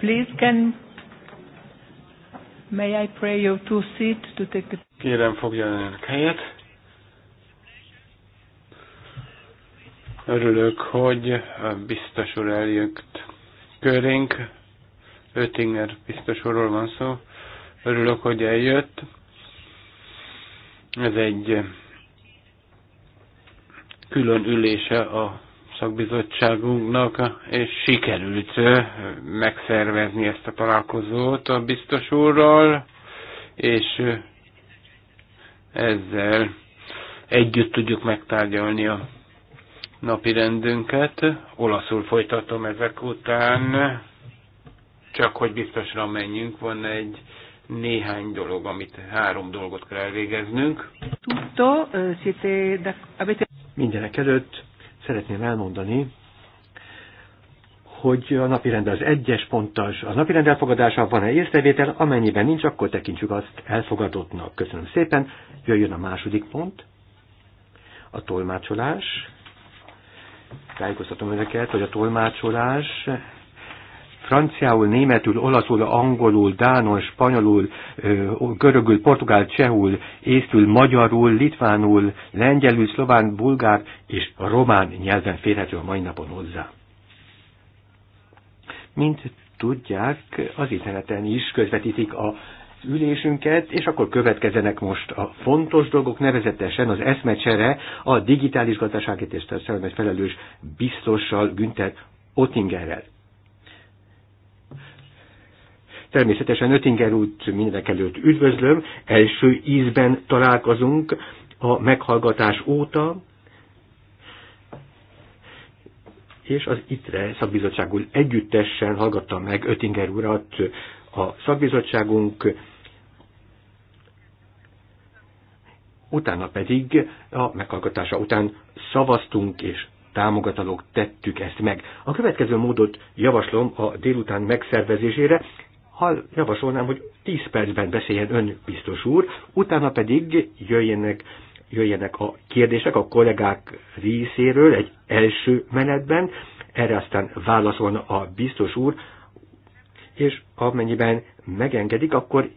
Please can may I pray you to sit to take the Kérem foglaljanak helyet. Örülök, hogy a biztos úr eljött körénk. Ötinger biztos úrról van szó. Örülök, hogy eljött. Ez egy külön ülése a szakbizottságunknak, és sikerült megszervezni ezt a találkozót a biztos úrral, és ezzel együtt tudjuk megtárgyalni a napi rendünket. Olaszul folytatom ezek után, csak hogy biztosra menjünk, van egy néhány dolog, amit három dolgot kell elvégeznünk. Tudta, eh, siete, avete... Mindenek előtt szeretném elmondani, hogy a napirendel az egyes pontos, a napirend elfogadása van-e észrevétel, amennyiben nincs, akkor tekintsük azt elfogadottnak. Köszönöm szépen. Jöjjön a második pont, a tolmácsolás. Tájékoztatom önöket, hogy a tolmácsolás franciául, németül, olaszul, angolul, dánul, spanyolul, görögül, portugál, csehul, észtül, magyarul, litvánul, lengyelül, szlován, bulgár és román nyelven férhető a mai napon hozzá. Mint tudják, az interneten is közvetítik a ülésünket, és akkor következenek most a fontos dolgok, nevezetesen az eszmecsere a digitális gazdaságét és felelős biztossal Günther Ottingerrel. Természetesen Öttinger út mindenek előtt üdvözlöm, első ízben találkozunk a meghallgatás óta, és az ITRE szakbizottságul együttesen hallgatta meg Öttinger urat a szakbizottságunk, utána pedig a meghallgatása után szavaztunk és támogatalók tettük ezt meg. A következő módot javaslom a délután megszervezésére ha javasolnám, hogy 10 percben beszéljen ön, biztos úr, utána pedig jöjjenek, jöjjenek a kérdések a kollégák részéről egy első menetben, erre aztán válaszolna a biztos úr, és amennyiben megengedik, akkor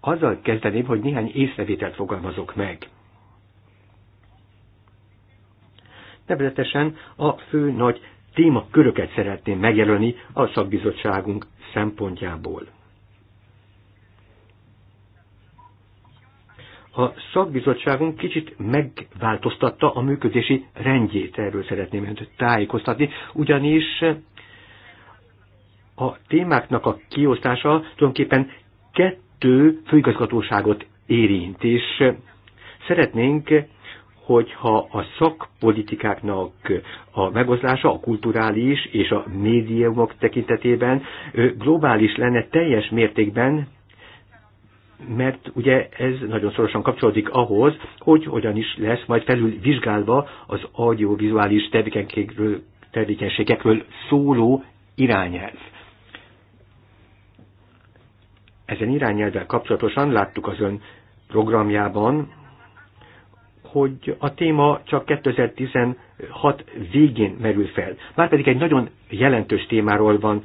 azzal kezdeném, hogy néhány észrevételt fogalmazok meg. Nevezetesen a fő nagy témaköröket szeretném megjelölni a szakbizottságunk szempontjából. A szakbizottságunk kicsit megváltoztatta a működési rendjét, erről szeretném önt tájékoztatni, ugyanis a témáknak a kiosztása tulajdonképpen kettő főigazgatóságot érint, és szeretnénk hogyha a szakpolitikáknak a megoszlása a kulturális és a médiumok tekintetében globális lenne teljes mértékben, mert ugye ez nagyon szorosan kapcsolódik ahhoz, hogy hogyan is lesz majd felül vizsgálva az audiovizuális tevékenységekről szóló irányelv. Ezen irányelvvel kapcsolatosan láttuk az ön programjában, hogy a téma csak 2016 végén merül fel. Márpedig egy nagyon jelentős témáról van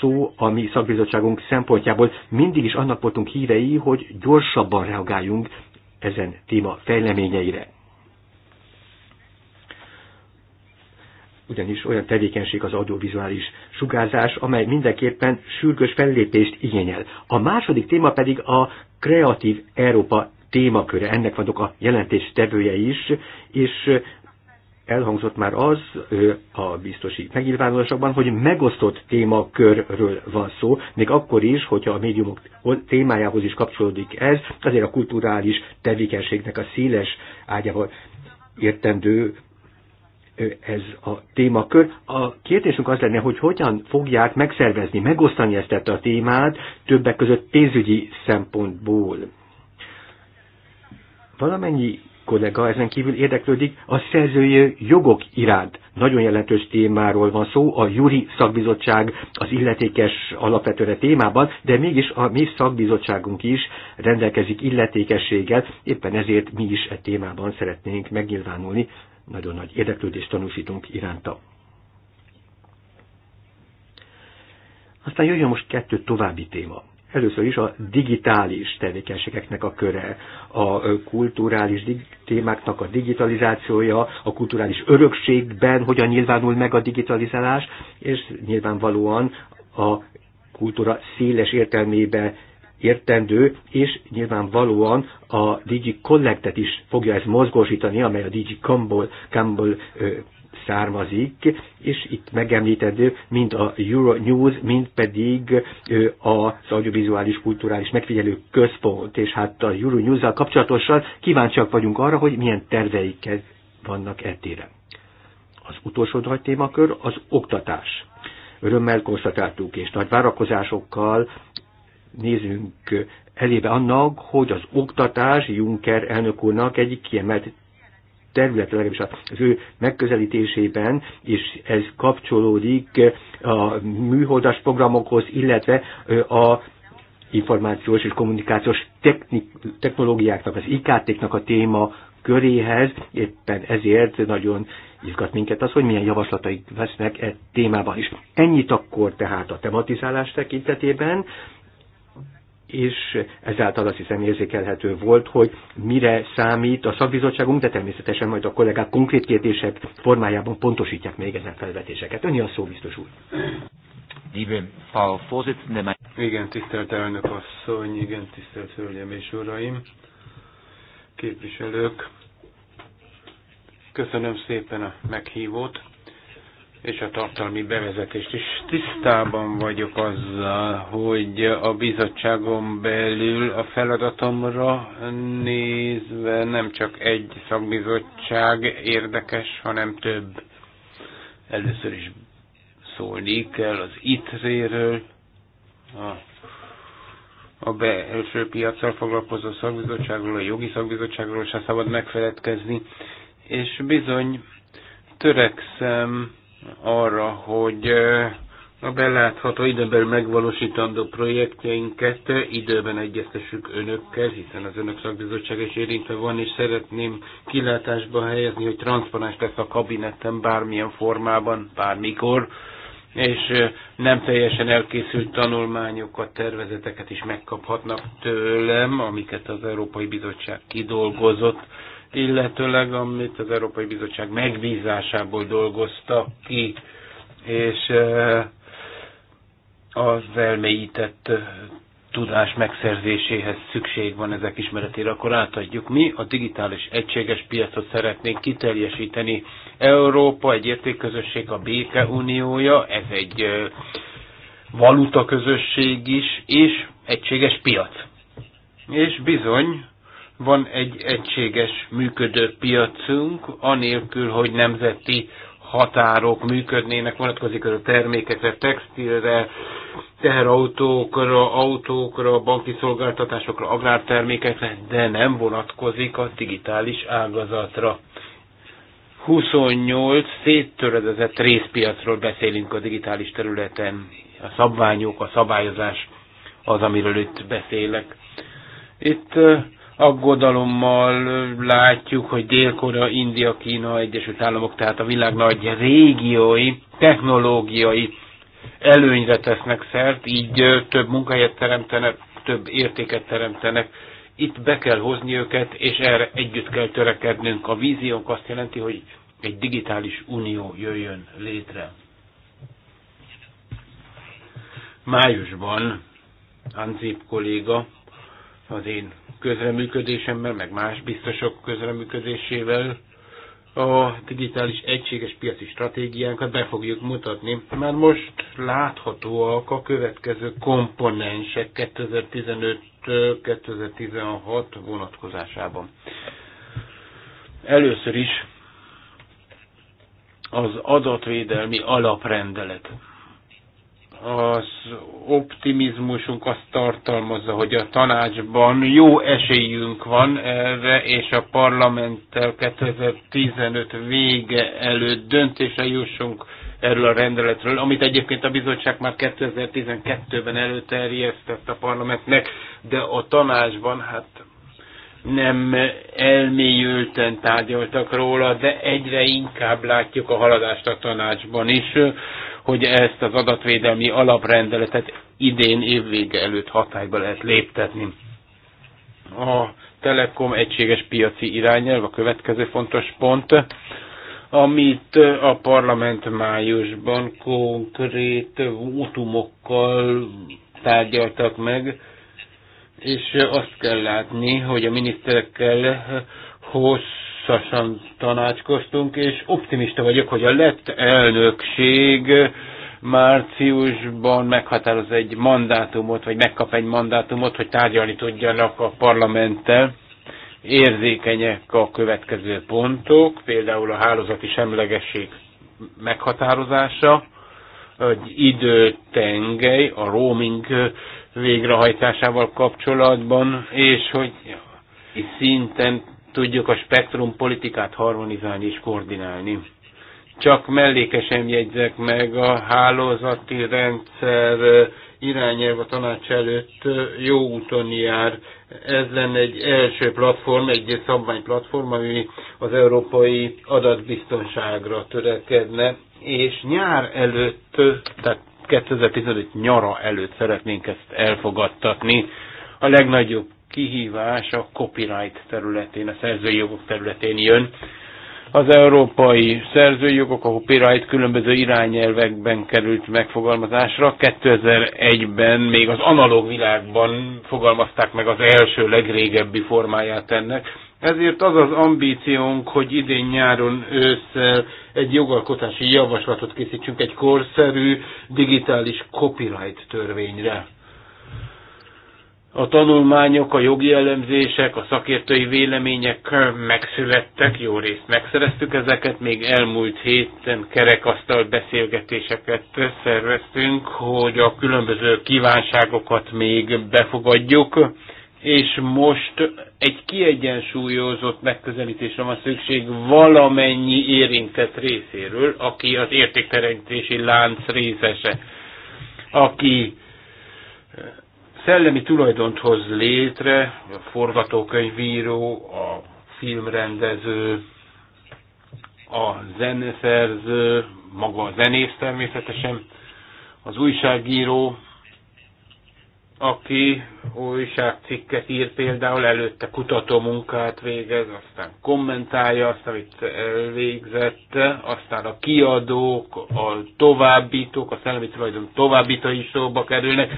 szó a mi szakbizottságunk szempontjából. Mindig is annak voltunk hívei, hogy gyorsabban reagáljunk ezen téma fejleményeire. ugyanis olyan tevékenység az audiovizuális sugárzás, amely mindenképpen sürgős fellépést igényel. A második téma pedig a Kreatív Európa témaköre, ennek vagyok a jelentés tevője is, és elhangzott már az a biztosi megnyilvánulásokban, hogy megosztott témakörről van szó, még akkor is, hogyha a médiumok témájához is kapcsolódik ez, azért a kulturális tevékenységnek a széles ágyával értendő ez a témakör. A kérdésünk az lenne, hogy hogyan fogják megszervezni, megosztani ezt a témát többek között pénzügyi szempontból Valamennyi kollega ezen kívül érdeklődik a szerzői jogok iránt. Nagyon jelentős témáról van szó, a Juri szakbizottság az illetékes alapvetőre témában, de mégis a mi szakbizottságunk is rendelkezik illetékességgel, éppen ezért mi is e témában szeretnénk megnyilvánulni. Nagyon nagy érdeklődést tanúsítunk iránta. Aztán jöjjön most kettő további téma. Először is a digitális tevékenységeknek a köre, a kulturális témáknak a digitalizációja, a kulturális örökségben hogyan nyilvánul meg a digitalizálás, és nyilvánvalóan a kultúra széles értelmébe értendő, és nyilvánvalóan a Digi Collectet is fogja ezt mozgósítani, amely a Digi Campbell, Campbell származik, és itt megemlítendő mind a Euro News, mind pedig az audiovizuális kulturális megfigyelő központ, és hát a Euro news kapcsolatosan kíváncsiak vagyunk arra, hogy milyen terveik e- vannak etére. Az utolsó nagy témakör az oktatás. Örömmel konstatáltuk, és nagy várakozásokkal nézünk elébe annak, hogy az oktatás Juncker elnök úrnak egyik kiemelt területen, legalábbis az ő megközelítésében, és ez kapcsolódik a műholdas programokhoz, illetve a információs és kommunikációs technik- technológiáknak, az IKT-knak a téma köréhez, éppen ezért nagyon izgat minket az, hogy milyen javaslataik vesznek e témában is. Ennyit akkor tehát a tematizálás tekintetében, és ezáltal azt hiszem érzékelhető volt, hogy mire számít a szakbizottságunk, de természetesen majd a kollégák konkrét kérdések formájában pontosítják még ezen felvetéseket. Önni a szó, biztos úr. Igen, tisztelt elnök asszony, igen, tisztelt hölgyem és uraim, képviselők. Köszönöm szépen a meghívót és a tartalmi bevezetést is. Tisztában vagyok azzal, hogy a bizottságon belül a feladatomra nézve nem csak egy szakbizottság érdekes, hanem több. Először is szólni kell az ITRÉ-ről, a, a belső piacsal foglalkozó szakbizottságról, a jogi szakbizottságról sem szabad megfeledkezni, és bizony törekszem arra, hogy a belátható időben megvalósítandó projektjeinket időben egyeztessük önökkel, hiszen az önök szakbizottság is érintve van, és szeretném kilátásba helyezni, hogy transzponás lesz a kabinetten bármilyen formában, bármikor, és nem teljesen elkészült tanulmányokat, tervezeteket is megkaphatnak tőlem, amiket az Európai Bizottság kidolgozott illetőleg amit az Európai Bizottság megbízásából dolgoztak ki, és e, az elmélyített e, tudás megszerzéséhez szükség van ezek ismeretére, akkor átadjuk. Mi a digitális egységes piacot szeretnénk kiteljesíteni. Európa egy értékközösség, a béke uniója, ez egy e, valuta közösség is, és egységes piac. És bizony, van egy egységes működő piacunk, anélkül, hogy nemzeti határok működnének, vonatkozik ez a termékekre, textilre, teherautókra, autókra, banki szolgáltatásokra, agrártermékekre, de nem vonatkozik a digitális ágazatra. 28 széttöredezett részpiacról beszélünk a digitális területen. A szabványok, a szabályozás az, amiről itt beszélek. Itt aggodalommal látjuk, hogy Dél-Korea, India, Kína, Egyesült Államok, tehát a világ nagy régiói, technológiai előnyre tesznek szert, így több munkahelyet teremtenek, több értéket teremtenek. Itt be kell hozni őket, és erre együtt kell törekednünk. A víziónk azt jelenti, hogy egy digitális unió jöjjön létre. Májusban Anzip kolléga az én közreműködésemmel, meg más biztosok közreműködésével a digitális egységes piaci stratégiánkat be fogjuk mutatni. Már most láthatóak a következő komponensek 2015-2016 vonatkozásában. Először is az adatvédelmi alaprendelet az optimizmusunk azt tartalmazza, hogy a tanácsban jó esélyünk van erre, és a parlamenttel 2015 vége előtt döntésre jussunk erről a rendeletről, amit egyébként a bizottság már 2012-ben előterjesztett a parlamentnek, de a tanácsban hát nem elmélyülten tárgyaltak róla, de egyre inkább látjuk a haladást a tanácsban is hogy ezt az adatvédelmi alaprendeletet idén évvége előtt hatályba lehet léptetni. A Telekom egységes piaci irányelv a következő fontos pont, amit a parlament májusban konkrét útumokkal tárgyaltak meg, és azt kell látni, hogy a miniszterekkel hosszú hosszasan tanácskoztunk, és optimista vagyok, hogy a lett elnökség márciusban meghatároz egy mandátumot, vagy megkap egy mandátumot, hogy tárgyalni tudjanak a parlamenttel. Érzékenyek a következő pontok, például a hálózati semlegesség meghatározása, egy időtengely a roaming végrehajtásával kapcsolatban, és hogy szinten tudjuk a spektrum politikát harmonizálni és koordinálni. Csak mellékesen jegyzek meg a hálózati rendszer irányelv a tanács előtt jó úton jár. Ez lenne egy első platform, egy szabványplatform, ami az európai adatbiztonságra törekedne, és nyár előtt, tehát 2015 nyara előtt szeretnénk ezt elfogadtatni. A legnagyobb kihívás a copyright területén, a szerzői jogok területén jön. Az európai szerzői jogok, a copyright különböző irányelvekben került megfogalmazásra. 2001-ben még az analóg világban fogalmazták meg az első legrégebbi formáját ennek. Ezért az az ambíciónk, hogy idén nyáron ősszel egy jogalkotási javaslatot készítsünk egy korszerű digitális copyright törvényre a tanulmányok, a jogi elemzések, a szakértői vélemények megszülettek, jó részt megszereztük ezeket, még elmúlt héten kerekasztal beszélgetéseket szerveztünk, hogy a különböző kívánságokat még befogadjuk, és most egy kiegyensúlyozott megközelítésre van szükség valamennyi érintett részéről, aki az értékteremtési lánc részese, aki szellemi tulajdont hoz létre, a forgatókönyvíró, a filmrendező, a zeneszerző, maga a zenész természetesen, az újságíró, aki újságcikket ír például, előtte kutató munkát végez, aztán kommentálja azt, amit elvégzett, aztán a kiadók, a továbbítók, a szellemi tulajdon továbbítói szóba kerülnek,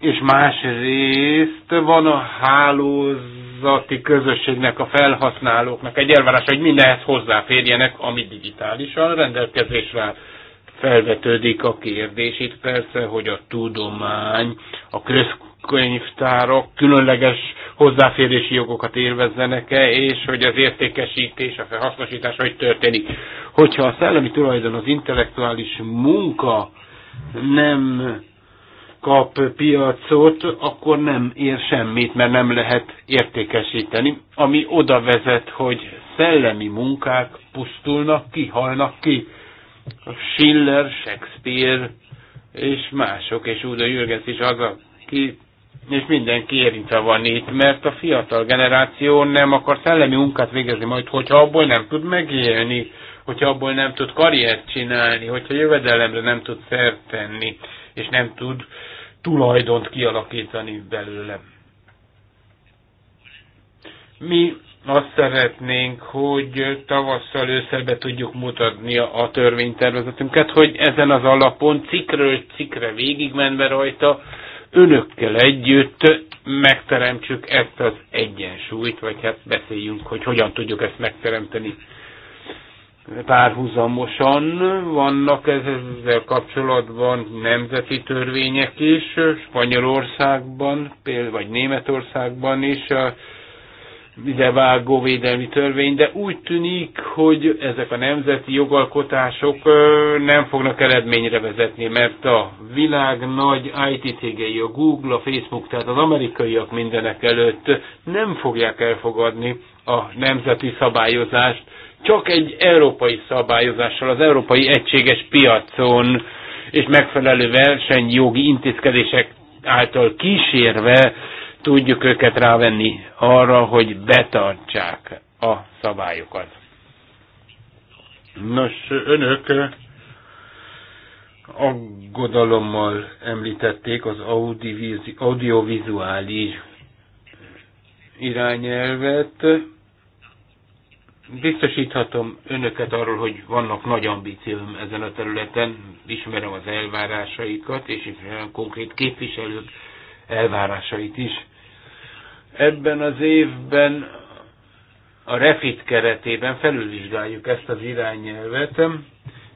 és másrészt van a hálózati közösségnek, a felhasználóknak egy elvárás, hogy mindenhez hozzáférjenek, ami digitálisan rendelkezésre Felvetődik a kérdés itt persze, hogy a tudomány, a közkönyvtárok különleges hozzáférési jogokat élvezzenek-e, és hogy az értékesítés, a felhasznosítás hogy történik. Hogyha a szellemi tulajdon, az intellektuális munka nem kap piacot, akkor nem ér semmit, mert nem lehet értékesíteni, ami oda vezet, hogy szellemi munkák pusztulnak ki, halnak ki. Schiller, Shakespeare és mások, és Udo Jürgens is az, aki és mindenki érintve van itt, mert a fiatal generáció nem akar szellemi munkát végezni majd, hogyha abból nem tud megélni, hogyha abból nem tud karriert csinálni, hogyha jövedelemre nem tud szert tenni, és nem tud uh, tulajdont kialakítani belőle. Mi azt szeretnénk, hogy tavasszal őszerbe tudjuk mutatni a törvénytervezetünket, hogy ezen az alapon cikről cikre végigmenve rajta önökkel együtt megteremtsük ezt az egyensúlyt, vagy hát beszéljünk, hogy hogyan tudjuk ezt megteremteni párhuzamosan vannak ezzel kapcsolatban nemzeti törvények is, Spanyolországban, például, vagy Németországban is a idevágó védelmi törvény, de úgy tűnik, hogy ezek a nemzeti jogalkotások nem fognak eredményre vezetni, mert a világ nagy IT cégei, a Google, a Facebook, tehát az amerikaiak mindenek előtt nem fogják elfogadni a nemzeti szabályozást, csak egy európai szabályozással, az európai egységes piacon és megfelelő versenyjogi intézkedések által kísérve tudjuk őket rávenni arra, hogy betartsák a szabályokat. Nos, önök aggodalommal említették az audiovizuális irányelvet, Biztosíthatom önöket arról, hogy vannak nagy ambícióim ezen a területen, ismerem az elvárásaikat, és ismerem konkrét képviselők elvárásait is. Ebben az évben a REFIT keretében felülvizsgáljuk ezt az irányelvet,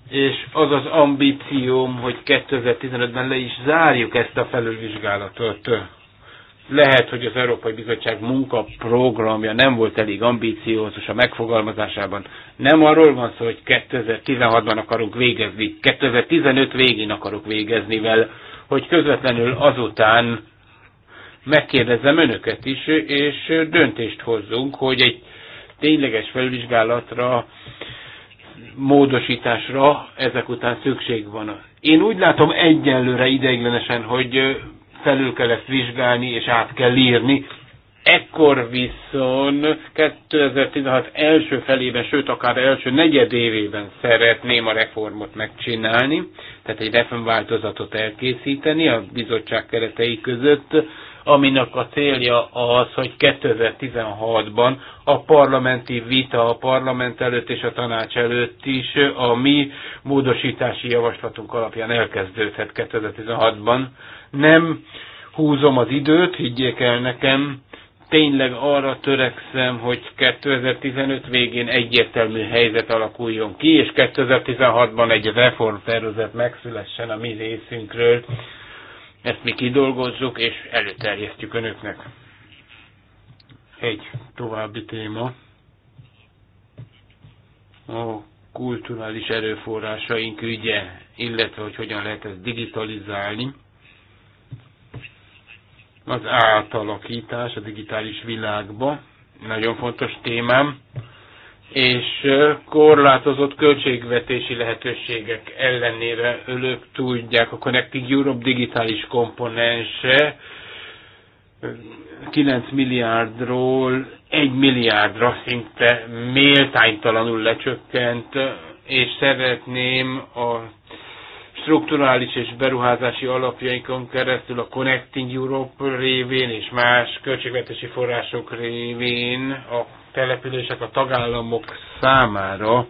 és az az ambícióm, hogy 2015-ben le is zárjuk ezt a felülvizsgálatot. Lehet, hogy az Európai Bizottság munkaprogramja nem volt elég ambíciózus a megfogalmazásában. Nem arról van szó, hogy 2016-ban akarunk végezni, 2015 végén akarok végezni vele, hogy közvetlenül azután megkérdezzem önöket is, és döntést hozzunk, hogy egy tényleges felvizsgálatra, módosításra ezek után szükség van. Én úgy látom egyenlőre ideiglenesen, hogy felül kell ezt vizsgálni, és át kell írni. Ekkor viszont 2016 első felében, sőt akár első negyedévében szeretném a reformot megcsinálni, tehát egy reformváltozatot elkészíteni a bizottság keretei között, aminek a célja az, hogy 2016-ban a parlamenti vita a parlament előtt és a tanács előtt is a mi módosítási javaslatunk alapján elkezdődhet 2016-ban. Nem húzom az időt, higgyék el nekem, tényleg arra törekszem, hogy 2015 végén egyértelmű helyzet alakuljon ki, és 2016-ban egy reformtervezet megszülessen a mi részünkről, ezt mi kidolgozzuk és előterjesztjük önöknek. Egy további téma. A kulturális erőforrásaink ügye, illetve hogy hogyan lehet ezt digitalizálni. Az átalakítás a digitális világba. Nagyon fontos témám és korlátozott költségvetési lehetőségek ellenére ők tudják a Connecting Europe digitális komponense 9 milliárdról 1 milliárdra szinte méltánytalanul lecsökkent, és szeretném a strukturális és beruházási alapjainkon keresztül a Connecting Europe révén és más költségvetési források révén a települések a tagállamok számára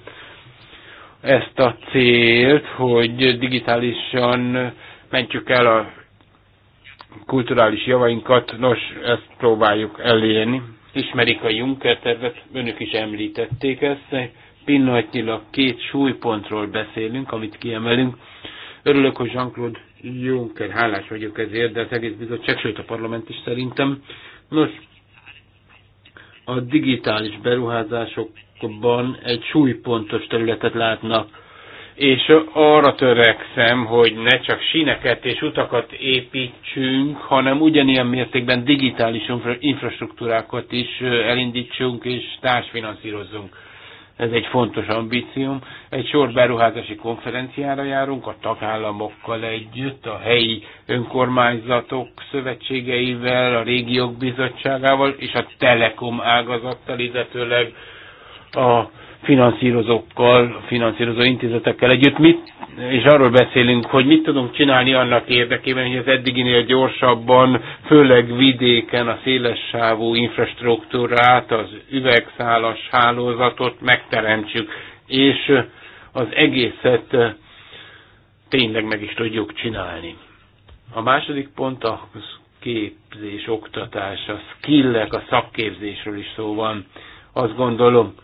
ezt a célt, hogy digitálisan mentjük el a kulturális javainkat, nos, ezt próbáljuk elérni. Ismerik a Juncker tervet, önök is említették ezt, pillanatnyilag két súlypontról beszélünk, amit kiemelünk. Örülök, hogy Jean-Claude Juncker, hálás vagyok ezért, de az egész bizottság, sőt a parlament is szerintem. Nos, a digitális beruházásokban egy súlypontos területet látnak, és arra törekszem, hogy ne csak síneket és utakat építsünk, hanem ugyanilyen mértékben digitális infrastruktúrákat is elindítsunk és társfinanszírozzunk ez egy fontos ambícióm. Egy sor beruházási konferenciára járunk, a tagállamokkal együtt, a helyi önkormányzatok szövetségeivel, a régiók bizottságával és a telekom ágazattal, illetőleg a finanszírozókkal, finanszírozó intézetekkel együtt, mit, és arról beszélünk, hogy mit tudunk csinálni annak érdekében, hogy az eddiginél gyorsabban, főleg vidéken a széles sávú infrastruktúrát, az üvegszálas hálózatot megteremtsük, és az egészet tényleg meg is tudjuk csinálni. A második pont a képzés, oktatás, a skillek, a szakképzésről is szó van. Azt gondolom,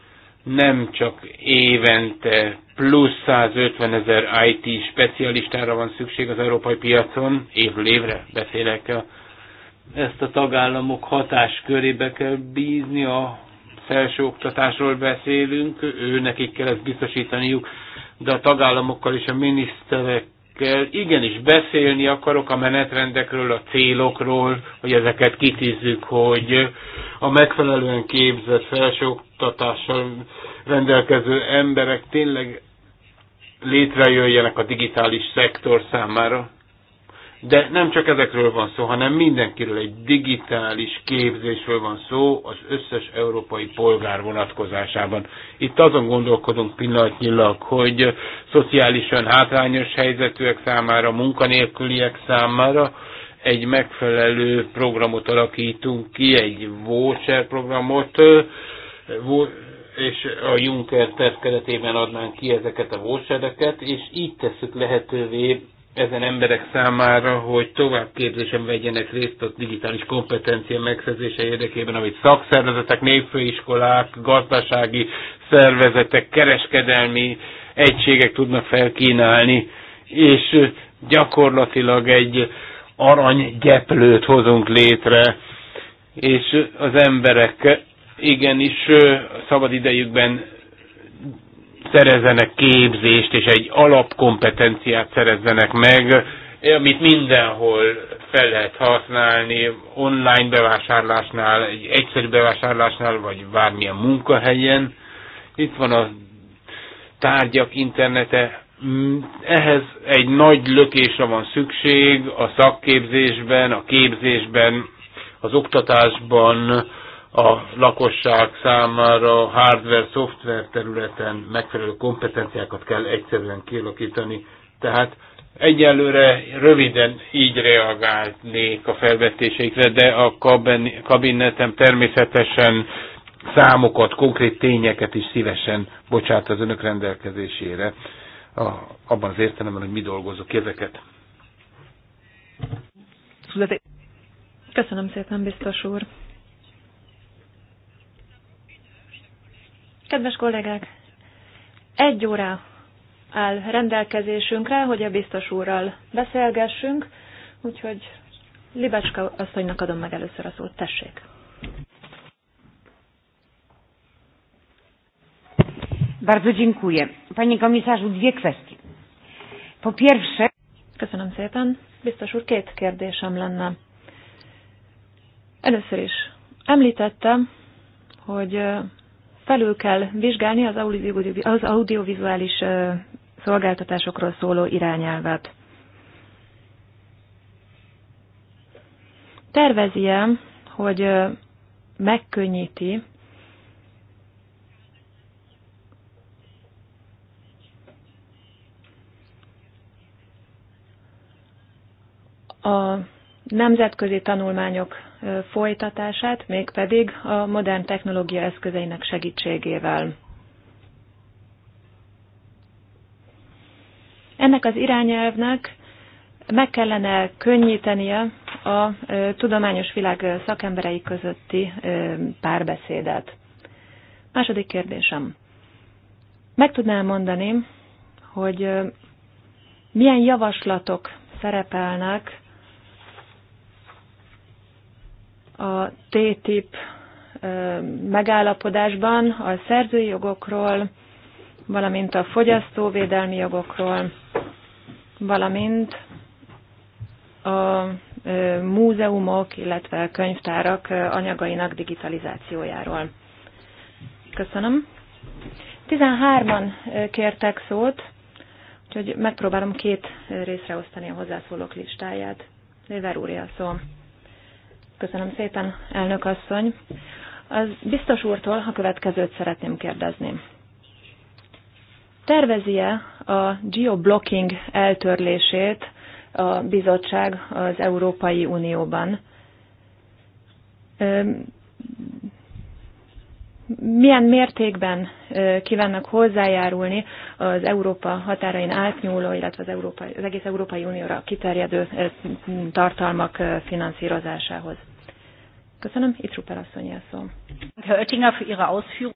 nem csak évente plusz 150 ezer IT specialistára van szükség az európai piacon, évről évre beszélek, ezt a tagállamok hatáskörébe kell bízni, a felsőoktatásról beszélünk, ő nekik kell ezt biztosítaniuk, de a tagállamokkal és a miniszterek akikkel igenis beszélni akarok a menetrendekről, a célokról, hogy ezeket kitűzzük, hogy a megfelelően képzett felsőoktatással rendelkező emberek tényleg létrejöjjenek a digitális szektor számára. De nem csak ezekről van szó, hanem mindenkiről egy digitális képzésről van szó az összes európai polgár vonatkozásában. Itt azon gondolkodunk pillanatnyilag, hogy szociálisan hátrányos helyzetűek számára, munkanélküliek számára egy megfelelő programot alakítunk ki, egy voucher programot, és a Juncker terv keretében adnánk ki ezeket a vouchereket, és így tesszük lehetővé ezen emberek számára, hogy továbbképzésen vegyenek részt a digitális kompetencia megszerzése érdekében, amit szakszervezetek, népfőiskolák, gazdasági szervezetek, kereskedelmi egységek tudnak felkínálni, és gyakorlatilag egy aranygyeplőt hozunk létre, és az emberek igenis szabadidejükben szerezzenek képzést, és egy alapkompetenciát szerezzenek meg, amit mindenhol fel lehet használni, online bevásárlásnál, egy egyszerű bevásárlásnál, vagy bármilyen munkahelyen. Itt van a tárgyak internete, ehhez egy nagy lökésre van szükség a szakképzésben, a képzésben, az oktatásban, a lakosság számára hardware szoftver területen megfelelő kompetenciákat kell egyszerűen kialakítani. Tehát egyelőre röviden így reagálnék a felvetéseikre, de a kabinetem természetesen számokat, konkrét tényeket is szívesen bocsát az önök rendelkezésére, a, abban az értelemben, hogy mi dolgozok ezeket. Köszönöm szépen, biztos úr. Kedves kollégák, egy órá áll rendelkezésünkre, hogy a biztos úrral beszélgessünk, úgyhogy Libecska asszonynak adom meg először a szót. Tessék! Bardzo dziękuję. Panie komisarzu, dwie kwestie. Po pierwsze... Köszönöm szépen. Biztos úr, két kérdésem lenne. Először is említettem, hogy felül kell vizsgálni az, audiovizuális, az audiovizuális szolgáltatásokról szóló irányelvet. tervezi -e, hogy megkönnyíti a nemzetközi tanulmányok folytatását, mégpedig a modern technológia eszközeinek segítségével. Ennek az irányelvnek meg kellene könnyítenie a tudományos világ szakemberei közötti párbeszédet. Második kérdésem. Meg tudnám mondani, hogy milyen javaslatok szerepelnek A TTIP megállapodásban a szerzői jogokról, valamint a fogyasztóvédelmi jogokról, valamint a múzeumok, illetve könyvtárak anyagainak digitalizációjáról. Köszönöm. 13-an kértek szót, úgyhogy megpróbálom két részre osztani a hozzászólók listáját. Léver úrja a szó. Köszönöm szépen, elnök asszony. Az biztos úrtól a következőt szeretném kérdezni. Tervezi-e a geoblocking eltörlését a bizottság az Európai Unióban? milyen mértékben kívánnak hozzájárulni az Európa határain átnyúló, illetve az, Európai, az egész Európai Unióra kiterjedő tartalmak finanszírozásához. Köszönöm, itt Ruper asszony szó.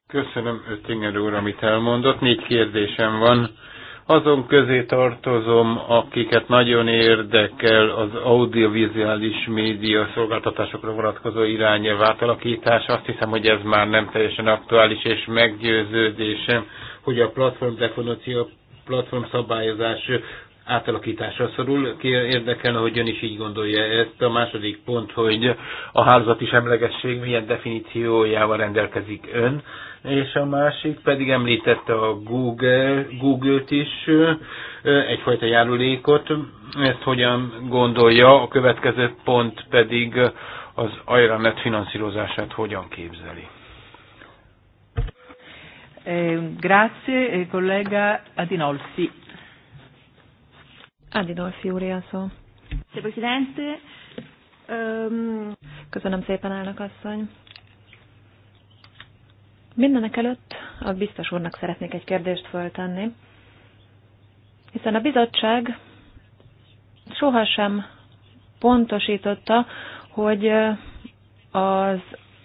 Köszönöm Öttinger úr, amit elmondott. Négy kérdésem van. Azon közé tartozom, akiket nagyon érdekel az audiovizuális média szolgáltatásokra vonatkozó irányelv átalakítás. Azt hiszem, hogy ez már nem teljesen aktuális, és meggyőződésem, hogy a platform definíció platform szabályozás átalakításra szorul. Ki érdekelne, hogy ön is így gondolja ezt. A második pont, hogy a hálózati semlegesség milyen definíciójával rendelkezik ön. És a másik pedig említette a Google, Google-t is, egyfajta járulékot. Ezt hogyan gondolja? A következő pont pedig az Ajranet finanszírozását hogyan képzeli? Eh, grazie, eh, collega Adinolfi. Adidolfi úr a szó. Euh, Köszönöm szépen, elnök asszony. Mindenek előtt a biztos úrnak szeretnék egy kérdést föltenni, hiszen a bizottság sohasem pontosította, hogy az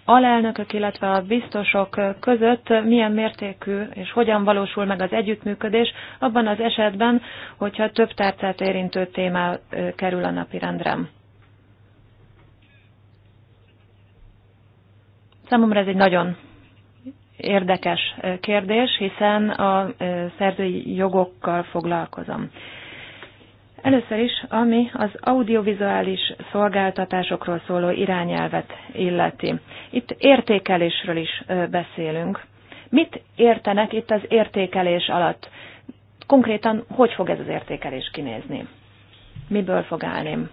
alelnökök, illetve a biztosok között milyen mértékű és hogyan valósul meg az együttműködés abban az esetben, hogyha több tárcát érintő témá kerül a rendre. Számomra ez egy nagyon érdekes kérdés, hiszen a szerzői jogokkal foglalkozom. Először is, ami az audiovizuális szolgáltatásokról szóló irányelvet illeti. Itt értékelésről is beszélünk. Mit értenek itt az értékelés alatt? Konkrétan, hogy fog ez az értékelés kinézni? Miből fog állni?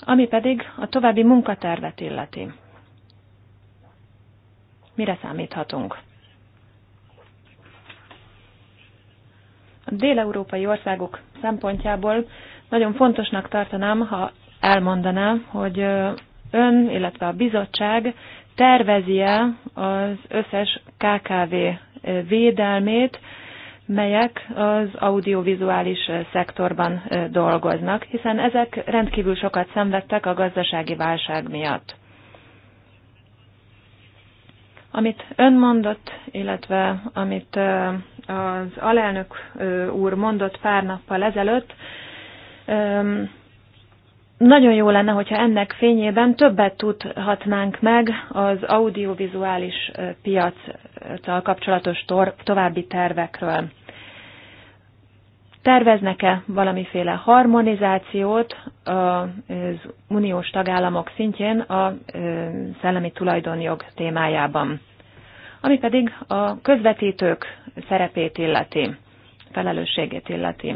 Ami pedig a további munkatervet illeti. Mire számíthatunk? A déleurópai országok szempontjából nagyon fontosnak tartanám, ha elmondaná, hogy ön, illetve a bizottság tervezi-e az összes KKV védelmét, melyek az audiovizuális szektorban dolgoznak, hiszen ezek rendkívül sokat szenvedtek a gazdasági válság miatt. Amit ön mondott, illetve amit az alelnök úr mondott pár nappal ezelőtt, nagyon jó lenne, hogyha ennek fényében többet tudhatnánk meg az audiovizuális piaccal kapcsolatos további tervekről. Terveznek-e valamiféle harmonizációt az uniós tagállamok szintjén a szellemi tulajdonjog témájában, ami pedig a közvetítők szerepét illeti, felelősségét illeti.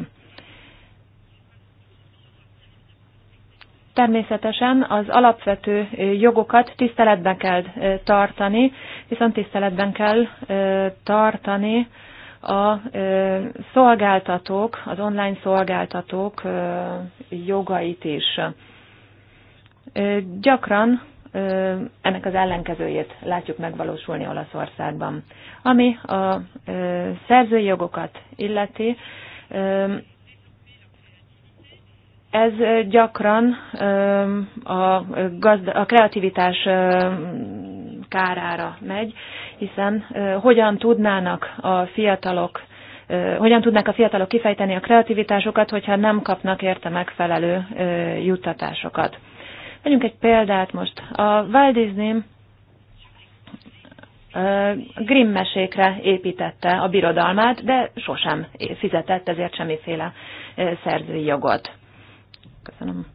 Természetesen az alapvető jogokat tiszteletben kell tartani, viszont tiszteletben kell tartani a szolgáltatók, az online szolgáltatók jogait is. Gyakran ennek az ellenkezőjét látjuk megvalósulni Olaszországban. Ami a szerzői jogokat illeti, ez gyakran a, gazda, a kreativitás kárára megy hiszen hogyan tudnának a fiatalok hogyan tudnak a fiatalok kifejteni a kreativitásukat, hogyha nem kapnak érte megfelelő juttatásokat. Vegyünk egy példát most. A Walt Disney Grimm mesékre építette a birodalmát, de sosem fizetett ezért semmiféle szerzői jogot. Köszönöm.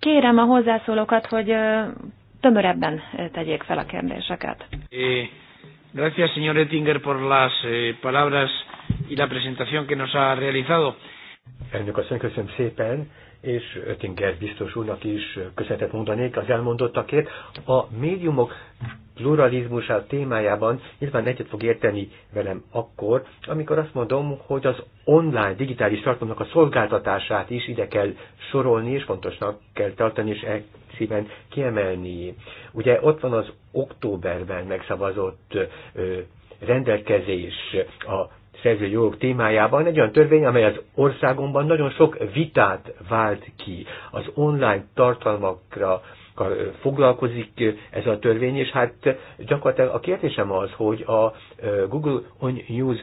Kérem a hozzászólókat, hogy tömörebben eh, tegyék fel a kérdéseket. É. Eh, gracias, señor Ettinger, por las eh, palabras y la presentación que nos ha realizado. Elnök asszony, köszönöm szépen és Ötinger biztos úrnak is köszönetet mondanék az elmondottakért. A médiumok pluralizmusa témájában nyilván egyet fog érteni velem akkor, amikor azt mondom, hogy az online digitális tartalomnak a szolgáltatását is ide kell sorolni, és fontosnak kell tartani, és e szíven kiemelni. Ugye ott van az októberben megszavazott rendelkezés a szerzői jogok témájában egy olyan törvény, amely az országomban nagyon sok vitát vált ki. Az online tartalmakra foglalkozik ez a törvény, és hát gyakorlatilag a kérdésem az, hogy a Google On News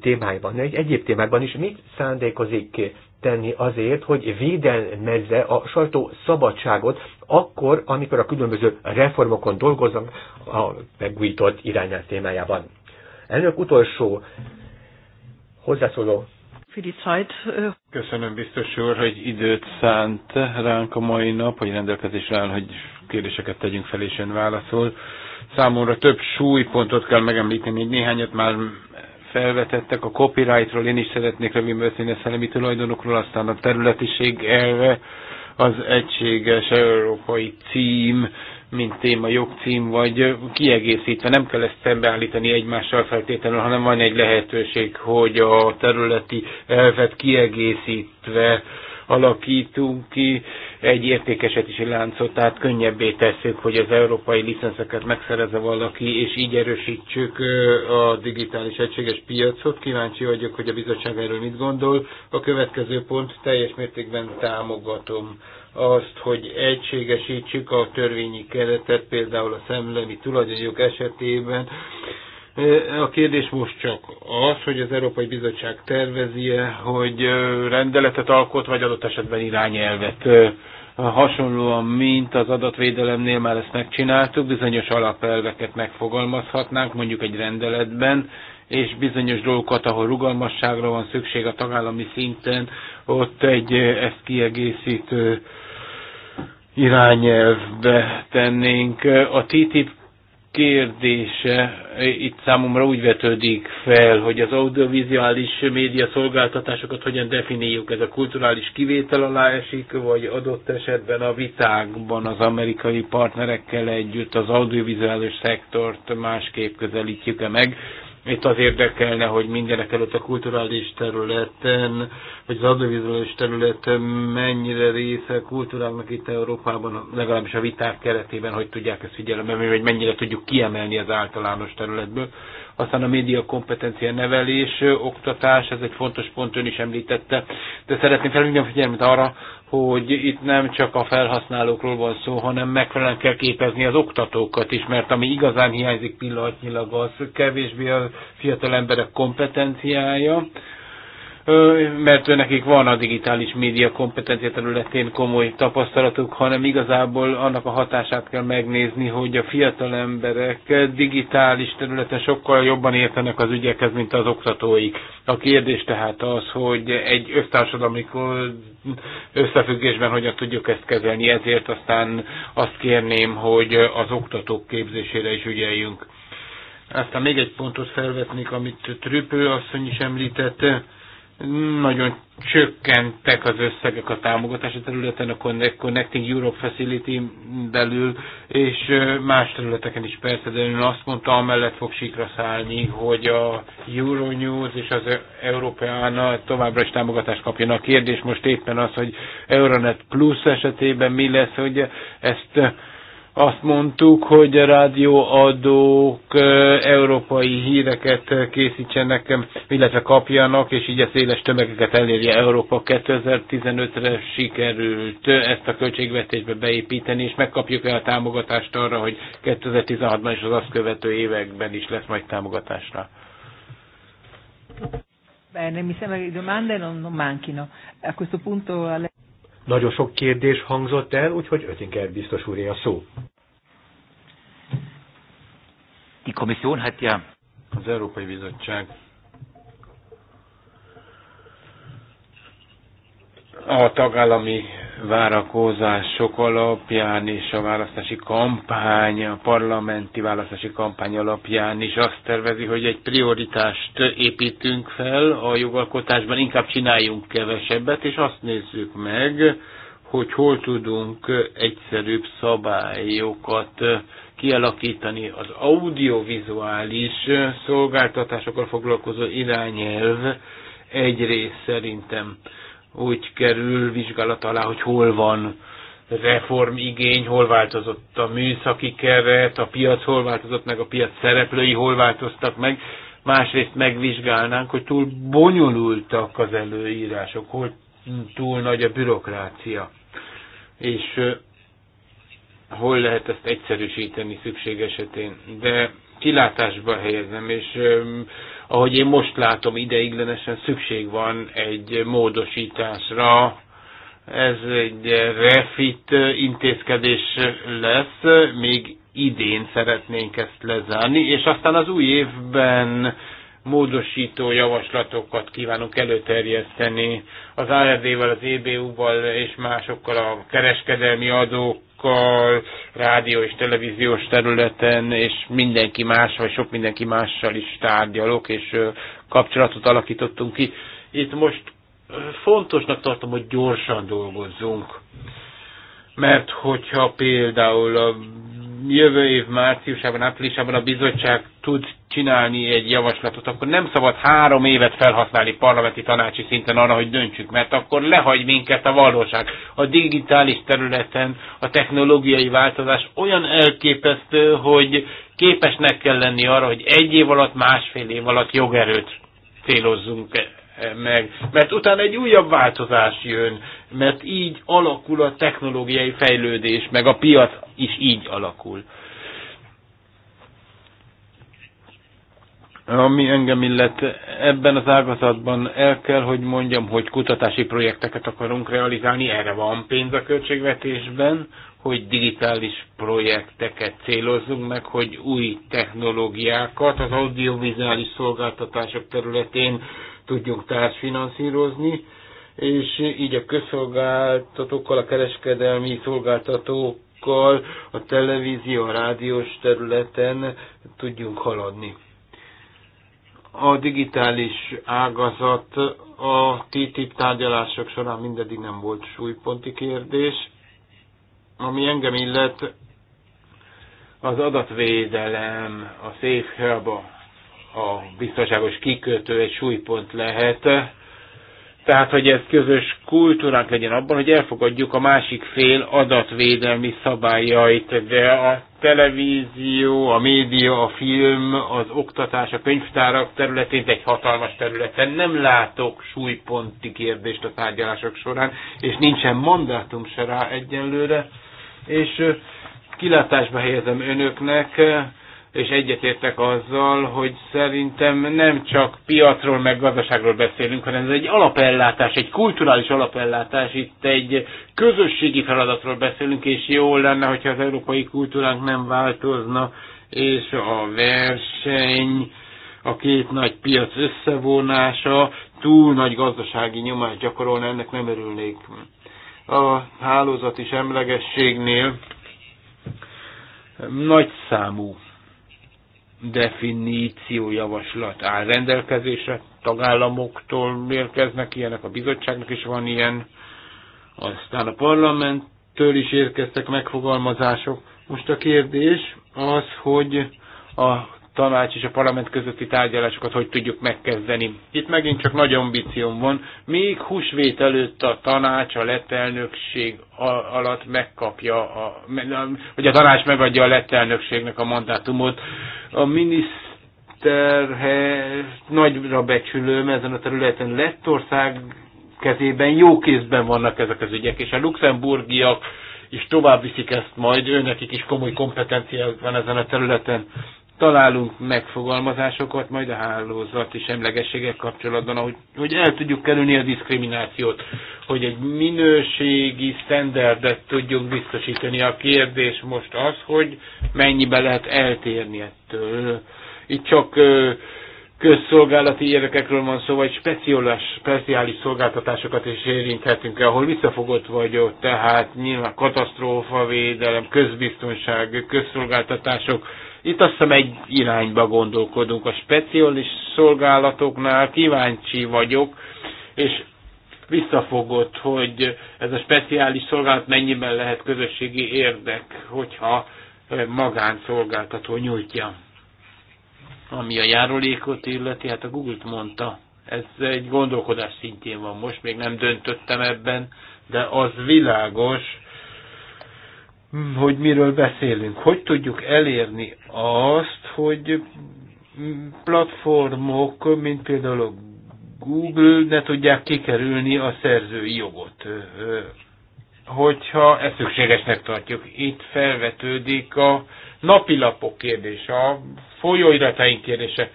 témájában, egy egyéb témákban is mit szándékozik tenni azért, hogy védelmezze a sajtó szabadságot akkor, amikor a különböző reformokon dolgoznak a megújított irányát témájában. Elnök utolsó hozzászóló. Äh, Köszönöm biztos úr, hogy időt szánt ránk a mai nap, hogy rendelkezésre áll, hogy kérdéseket tegyünk fel és ön válaszol. Számomra több súlypontot kell megemlíteni, egy néhányat már felvetettek a copyrightról, én is szeretnék rövid beszélni a szellemi tulajdonokról, aztán a területiség elve, az egységes európai cím, mint téma, jogcím, vagy kiegészítve, nem kell ezt szembeállítani egymással feltétlenül, hanem van egy lehetőség, hogy a területi elvet kiegészítve alakítunk ki egy értékesetési láncot, tehát könnyebbé tesszük, hogy az európai licenszeket megszereze valaki, és így erősítsük a digitális egységes piacot. Kíváncsi vagyok, hogy a bizottság erről mit gondol. A következő pont teljes mértékben támogatom azt, hogy egységesítsük a törvényi keretet, például a szemlemi tulajdonjog esetében. A kérdés most csak az, hogy az Európai Bizottság tervezi-e, hogy rendeletet alkot, vagy adott esetben irányelvet. Hasonlóan, mint az adatvédelemnél már ezt megcsináltuk, bizonyos alapelveket megfogalmazhatnánk, mondjuk egy rendeletben, és bizonyos dolgokat, ahol rugalmasságra van szükség a tagállami szinten, ott egy ezt kiegészítő irányelvbe tennénk. A TTIP kérdése eh, itt számomra úgy vetődik fel, hogy az audiovizuális média szolgáltatásokat hogyan definiáljuk, ez a kulturális kivétel alá esik, vagy adott esetben a vitákban az amerikai partnerekkel együtt az audiovizuális szektort másképp közelítjük -e meg. Itt az érdekelne, hogy mindenek előtt a kulturális területen, vagy az audiovizuális területen mennyire része a kultúráknak itt Európában, legalábbis a viták keretében, hogy tudják ezt figyelembe venni, vagy mennyire tudjuk kiemelni az általános területből. Aztán a média kompetencia nevelés, oktatás, ez egy fontos pont, ön is említette, de szeretném felhívni a figyelmet arra, hogy itt nem csak a felhasználókról van szó, hanem megfelelően kell képezni az oktatókat is, mert ami igazán hiányzik pillanatnyilag, az kevésbé a fiatal emberek kompetenciája, mert nekik van a digitális média kompetencia területén komoly tapasztalatuk, hanem igazából annak a hatását kell megnézni, hogy a fiatal emberek digitális területen sokkal jobban értenek az ügyekhez, mint az oktatóik. A kérdés tehát az, hogy egy össztársadalmi összefüggésben hogyan tudjuk ezt kezelni, ezért aztán azt kérném, hogy az oktatók képzésére is ügyeljünk. Aztán még egy pontot felvetnék, amit Trüpő asszony is említette nagyon csökkentek az összegek a támogatási területen, a Connecting Europe Facility belül, és más területeken is persze, de ön azt mondta, amellett fog sikra szállni, hogy a Euronews és az Európeána továbbra is támogatást kapjon. A kérdés most éppen az, hogy Euronet Plus esetében mi lesz, hogy ezt azt mondtuk, hogy a rádióadók európai híreket készítsenek, illetve kapjanak, és így a széles tömegeket elérje Európa 2015-re sikerült ezt a költségvetésbe beépíteni, és megkapjuk-e a támogatást arra, hogy 2016-ban és az azt követő években is lesz majd támogatásra. Bene, mi sembra che le domande non, non manchino. A questo punto... Nagyon sok kérdés hangzott el, úgyhogy Ötinger biztos úré a szó. Die Kommission hat ja az Európai Bizottság a tagállami várakozások alapján és a választási kampány, a parlamenti választási kampány alapján is azt tervezi, hogy egy prioritást építünk fel a jogalkotásban, inkább csináljunk kevesebbet, és azt nézzük meg, hogy hol tudunk egyszerűbb szabályokat kialakítani. Az audiovizuális szolgáltatásokkal foglalkozó irányelv egyrészt szerintem úgy kerül vizsgálat alá, hogy hol van reformigény, hol változott a műszaki keret, a piac hol változott meg, a piac szereplői hol változtak meg. Másrészt megvizsgálnánk, hogy túl bonyolultak az előírások, hol túl nagy a bürokrácia, és hol lehet ezt egyszerűsíteni szükség esetén. De kilátásba helyezem, és ahogy én most látom, ideiglenesen szükség van egy módosításra. Ez egy refit intézkedés lesz, még idén szeretnénk ezt lezárni, és aztán az új évben módosító javaslatokat kívánunk előterjeszteni az ard vel az EBU-val és másokkal a kereskedelmi adók kollégákkal, rádió és televíziós területen, és mindenki más, vagy sok mindenki mással is tárgyalok, és kapcsolatot alakítottunk ki. Itt most fontosnak tartom, hogy gyorsan dolgozzunk. Mert hogyha például a jövő év márciusában, áprilisában a bizottság tud csinálni egy javaslatot, akkor nem szabad három évet felhasználni parlamenti tanácsi szinten arra, hogy döntsük, mert akkor lehagy minket a valóság. A digitális területen a technológiai változás olyan elképesztő, hogy képesnek kell lenni arra, hogy egy év alatt, másfél év alatt jogerőt célozzunk meg, mert utána egy újabb változás jön, mert így alakul a technológiai fejlődés, meg a piac is így alakul. Ami engem illet, ebben az ágazatban el kell, hogy mondjam, hogy kutatási projekteket akarunk realizálni, erre van pénz a költségvetésben, hogy digitális projekteket célozzunk meg, hogy új technológiákat az audiovizuális szolgáltatások területén tudjunk társfinanszírozni, és így a közszolgáltatókkal, a kereskedelmi szolgáltatókkal, a televízió, a rádiós területen tudjunk haladni. A digitális ágazat a TTIP tárgyalások során mindedig nem volt súlyponti kérdés. Ami engem illet, az adatvédelem, a safe a biztonságos kikötő egy súlypont lehet. Tehát, hogy ez közös kultúránk legyen abban, hogy elfogadjuk a másik fél adatvédelmi szabályait, de a televízió, a média, a film, az oktatás, a könyvtárak területén, egy hatalmas területen nem látok súlyponti kérdést a tárgyalások során, és nincsen mandátum se rá egyenlőre, és kilátásba helyezem önöknek, és egyetértek azzal, hogy szerintem nem csak piacról, meg gazdaságról beszélünk, hanem ez egy alapellátás, egy kulturális alapellátás, itt egy közösségi feladatról beszélünk, és jó lenne, hogyha az európai kultúránk nem változna, és a verseny, a két nagy piac összevonása túl nagy gazdasági nyomást gyakorolna, ennek nem örülnék. A hálózati semlegességnél nagy számú definíciójavaslat áll rendelkezésre, tagállamoktól érkeznek ilyenek, a bizottságnak is van ilyen, aztán a parlamenttől is érkeztek megfogalmazások. Most a kérdés az, hogy a tanács és a parlament közötti tárgyalásokat hogy tudjuk megkezdeni. Itt megint csak nagy ambícióm van. Még húsvét előtt a tanács, a lett elnökség alatt megkapja, a, hogy a tanács megadja a lett elnökségnek a mandátumot. A miniszter Péterhez nagyra becsülöm ezen a területen. Lettország kezében jó kézben vannak ezek az ügyek, és a luxemburgiak is tovább viszik ezt majd, őnek is komoly kompetenciák van ezen a területen találunk megfogalmazásokat, majd a hálózati semlegességek kapcsolatban, ahogy, hogy el tudjuk kerülni a diszkriminációt, hogy egy minőségi standardet tudjunk biztosítani. A kérdés most az, hogy mennyibe lehet eltérni ettől. Itt csak közszolgálati érdekekről van szó, vagy speciális, speciális szolgáltatásokat is érinthetünk, ahol visszafogott vagyok, tehát nyilván katasztrófa védelem, közbiztonság, közszolgáltatások, itt azt hiszem egy irányba gondolkodunk. A speciális szolgálatoknál kíváncsi vagyok, és visszafogott, hogy ez a speciális szolgálat mennyiben lehet közösségi érdek, hogyha magánszolgáltató nyújtja. Ami a járulékot illeti, hát a Google-t mondta. Ez egy gondolkodás szintjén van most, még nem döntöttem ebben, de az világos, hogy miről beszélünk. Hogy tudjuk elérni azt, hogy platformok, mint például a Google ne tudják kikerülni a szerzői jogot, hogyha ezt szükségesnek tartjuk. Itt felvetődik a napilapok kérdése, a folyóirataink kérdése.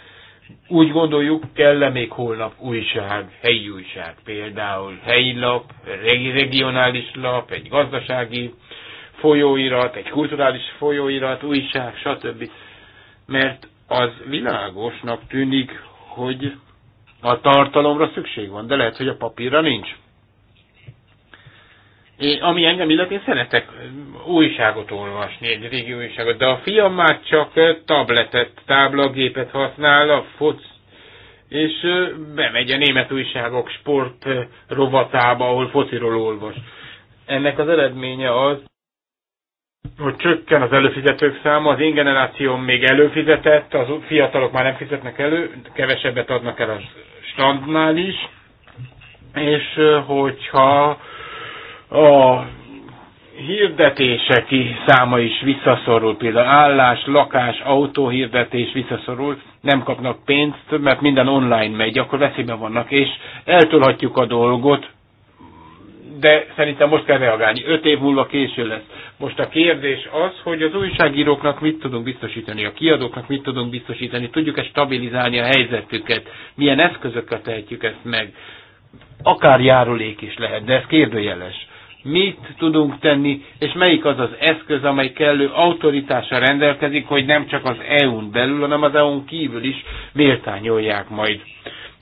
Úgy gondoljuk, kell-e még holnap újság, helyi újság, például helyi lap, regionális lap, egy gazdasági folyóirat, egy kulturális folyóirat, újság, stb. Mert az világosnak tűnik, hogy a tartalomra szükség van, de lehet, hogy a papírra nincs. Én, ami engem illet, én szeretek újságot olvasni, egy régi újságot, de a fiam már csak tabletet, táblagépet használ, a foc, és bemegy a német újságok sport rovatába, ahol fociról olvas. Ennek az eredménye az, hogy csökken az előfizetők száma, az én generációm még előfizetett, az fiatalok már nem fizetnek elő, kevesebbet adnak el a standnál is, és hogyha a hirdetések száma is visszaszorul, például állás, lakás, autó hirdetés visszaszorul, nem kapnak pénzt, mert minden online megy, akkor veszélyben vannak, és eltolhatjuk a dolgot de szerintem most kell reagálni. Öt év múlva késő lesz. Most a kérdés az, hogy az újságíróknak mit tudunk biztosítani, a kiadóknak mit tudunk biztosítani, tudjuk-e stabilizálni a helyzetüket, milyen eszközökkel tehetjük ezt meg. Akár járulék is lehet, de ez kérdőjeles. Mit tudunk tenni, és melyik az az eszköz, amely kellő autoritással rendelkezik, hogy nem csak az EU-n belül, hanem az EU-n kívül is méltányolják majd.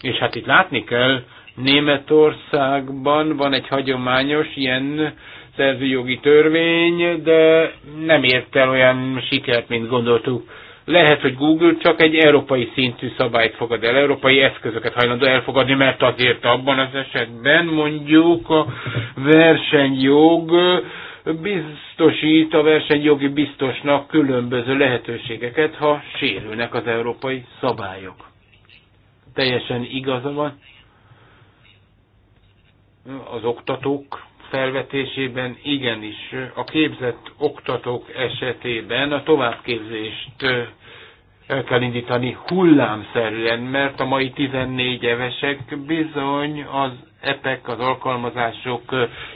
És hát itt látni kell, Németországban van egy hagyományos ilyen szerzőjogi törvény, de nem ért el olyan sikert, mint gondoltuk. Lehet, hogy Google csak egy európai szintű szabályt fogad el, európai eszközöket hajlandó elfogadni, mert azért abban az esetben mondjuk a versenyjog biztosít a versenyjogi biztosnak különböző lehetőségeket, ha sérülnek az európai szabályok. Teljesen igaza van az oktatók felvetésében igenis a képzett oktatók esetében a továbbképzést el kell indítani hullámszerűen, mert a mai 14 évesek bizony az epek, az alkalmazások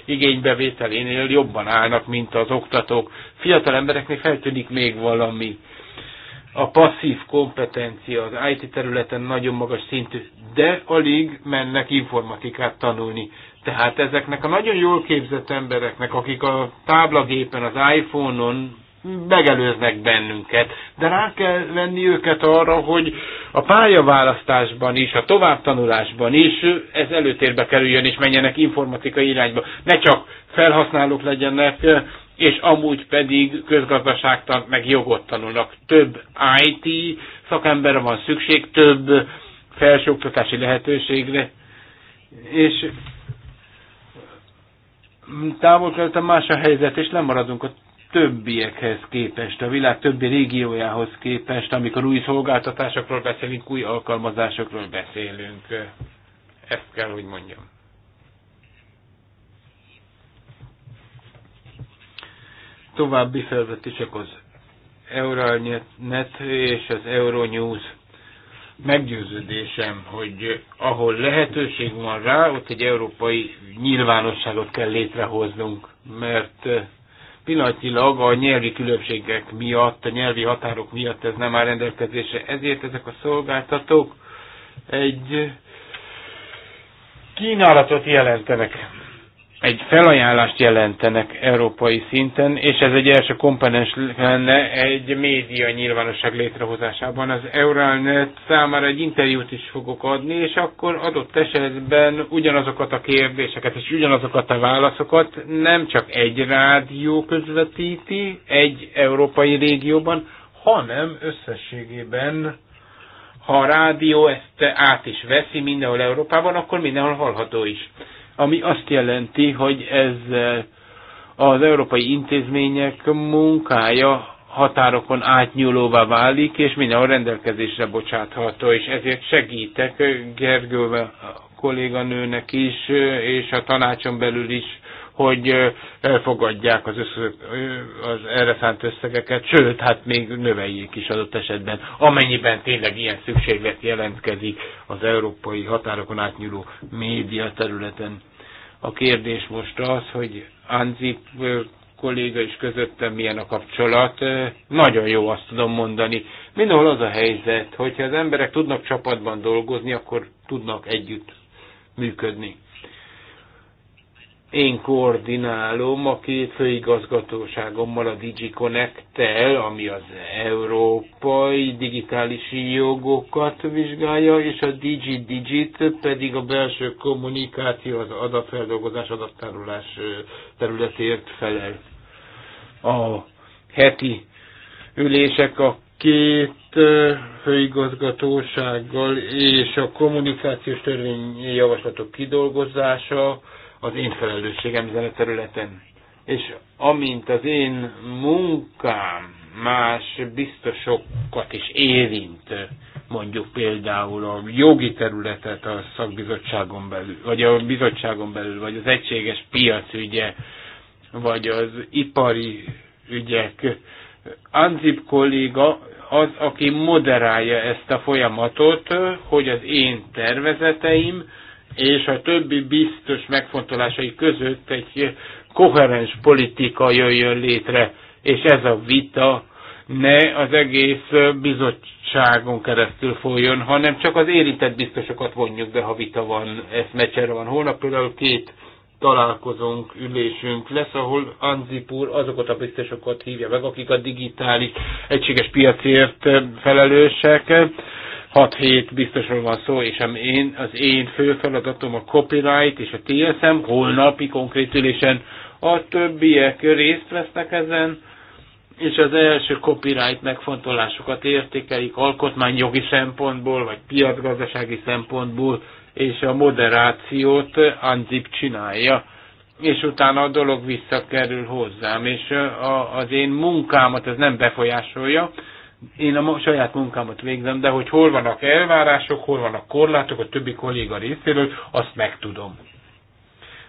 igénybevételénél jobban állnak, mint az oktatók. Fiatal embereknél feltűnik még valami. A passzív kompetencia az IT területen nagyon magas szintű, de alig mennek informatikát tanulni. Tehát ezeknek a nagyon jól képzett embereknek, akik a táblagépen, az iPhone-on megelőznek bennünket, de rá kell venni őket arra, hogy a pályaválasztásban is, a továbbtanulásban is ez előtérbe kerüljön, és menjenek informatikai irányba. Ne csak felhasználók legyenek, és amúgy pedig közgazdaságtan, meg jogot tanulnak. Több IT szakemberre van szükség, több felsőoktatási lehetőségre, és távol a más a helyzet, és nem maradunk a többiekhez képest, a világ többi régiójához képest, amikor új szolgáltatásokról beszélünk, új alkalmazásokról beszélünk. Ezt kell, hogy mondjam. További felvetések az Euronet és az Euronews meggyőződésem, hogy ahol lehetőség van rá, ott egy európai nyilvánosságot kell létrehoznunk, mert eh, pillanatilag a nyelvi különbségek miatt, a nyelvi határok miatt ez nem áll rendelkezésre. Ezért ezek a szolgáltatók egy kínálatot jelentenek egy felajánlást jelentenek európai szinten, és ez egy első komponens lenne egy média nyilvánosság létrehozásában. Az Euralnet számára egy interjút is fogok adni, és akkor adott esetben ugyanazokat a kérdéseket és ugyanazokat a válaszokat nem csak egy rádió közvetíti egy európai régióban, hanem összességében ha a rádió ezt át is veszi mindenhol Európában, akkor mindenhol hallható is ami azt jelenti, hogy ezzel az európai intézmények munkája határokon átnyúlóvá válik, és mindenhol rendelkezésre bocsátható, és ezért segítek Gergő kolléganőnek is, és a tanácson belül is, hogy elfogadják az, össze, az erre szánt összegeket, sőt, hát még növeljék is adott esetben, amennyiben tényleg ilyen szükséglet jelentkezik az európai határokon átnyúló média területen. A kérdés most az, hogy Anzip kolléga is közöttem milyen a kapcsolat. Nagyon jó, azt tudom mondani. Mindenhol az a helyzet, hogyha az emberek tudnak csapatban dolgozni, akkor tudnak együtt működni én koordinálom a két főigazgatóságommal a DigiConnect-tel, ami az európai digitális jogokat vizsgálja, és a Digidigit pedig a belső kommunikáció, az adatfeldolgozás, adattárolás területért felel. A heti ülések a két főigazgatósággal és a kommunikációs törvényjavaslatok kidolgozása, az én felelősségem ezen a területen. És amint az én munkám más biztosokat is érint, mondjuk például a jogi területet a szakbizottságon belül, vagy a bizottságon belül, vagy az egységes piac ügye, vagy az ipari ügyek. Anzip kolléga az, aki moderálja ezt a folyamatot, hogy az én tervezeteim és a többi biztos megfontolásai között egy koherens politika jöjjön létre, és ez a vita ne az egész bizottságon keresztül folyjon, hanem csak az érintett biztosokat vonjuk be, ha vita van, ez meccsere van. Holnap például két találkozónk, ülésünk lesz, ahol Anzipur azokat a biztosokat hívja meg, akik a digitális egységes piacért felelősek, 6-7 biztosról van szó, és én, az én fő feladatom a copyright és a TSM holnapi konkrét ülésen a többiek részt vesznek ezen, és az első copyright megfontolásokat értékelik alkotmányjogi szempontból, vagy piacgazdasági szempontból, és a moderációt Anzip csinálja, és utána a dolog visszakerül hozzám, és a, az én munkámat ez nem befolyásolja, én a saját munkámat végzem, de hogy hol vannak elvárások, hol vannak korlátok a többi kolléga részéről, azt megtudom.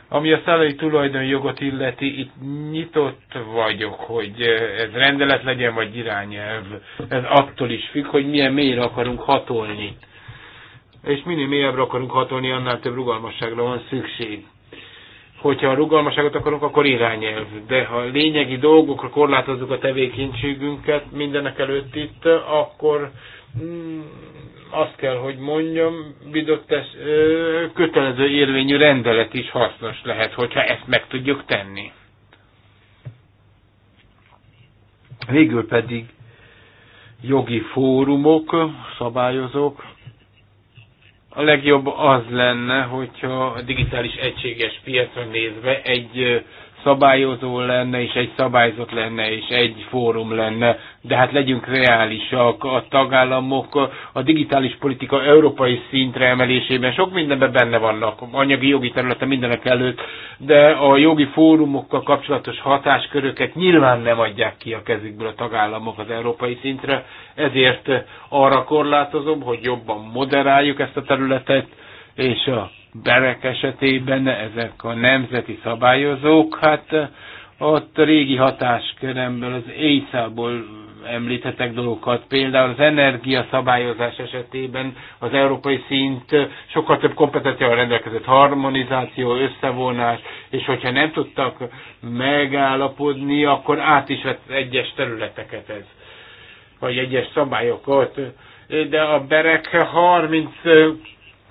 Ami a szállai tulajdonjogot illeti, itt nyitott vagyok, hogy ez rendelet legyen, vagy irányelv. Ez attól is függ, hogy milyen mélyre akarunk hatolni. És minél mélyebbre akarunk hatolni, annál több rugalmasságra van szükség. Hogyha a rugalmaságot akarunk, akkor irányelv. De ha lényegi dolgokra korlátozzuk a tevékenységünket mindenek előtt itt, akkor mm, azt kell, hogy mondjam, bidottes kötelező érvényű rendelet is hasznos lehet, hogyha ezt meg tudjuk tenni. Végül pedig jogi fórumok, szabályozók a legjobb az lenne, hogyha a digitális egységes piacra nézve egy szabályozó lenne, és egy szabályzott lenne, és egy fórum lenne. De hát legyünk reálisak, a tagállamok a digitális politika európai szintre emelésében sok mindenben benne vannak, anyagi jogi területe mindenek előtt, de a jogi fórumokkal kapcsolatos hatásköröket nyilván nem adják ki a kezükből a tagállamok az európai szintre, ezért arra korlátozom, hogy jobban moderáljuk ezt a területet, és a berek esetében ezek a nemzeti szabályozók, hát eh, ott a régi hatásköremből, az éjszából említhetek dolgokat. Például az energia esetében az európai szint eh, sokkal több kompetenciával rendelkezett harmonizáció, összevonás, és hogyha nem tudtak megállapodni, akkor át is vett egyes területeket ez, vagy egyes szabályokat. De a berek 30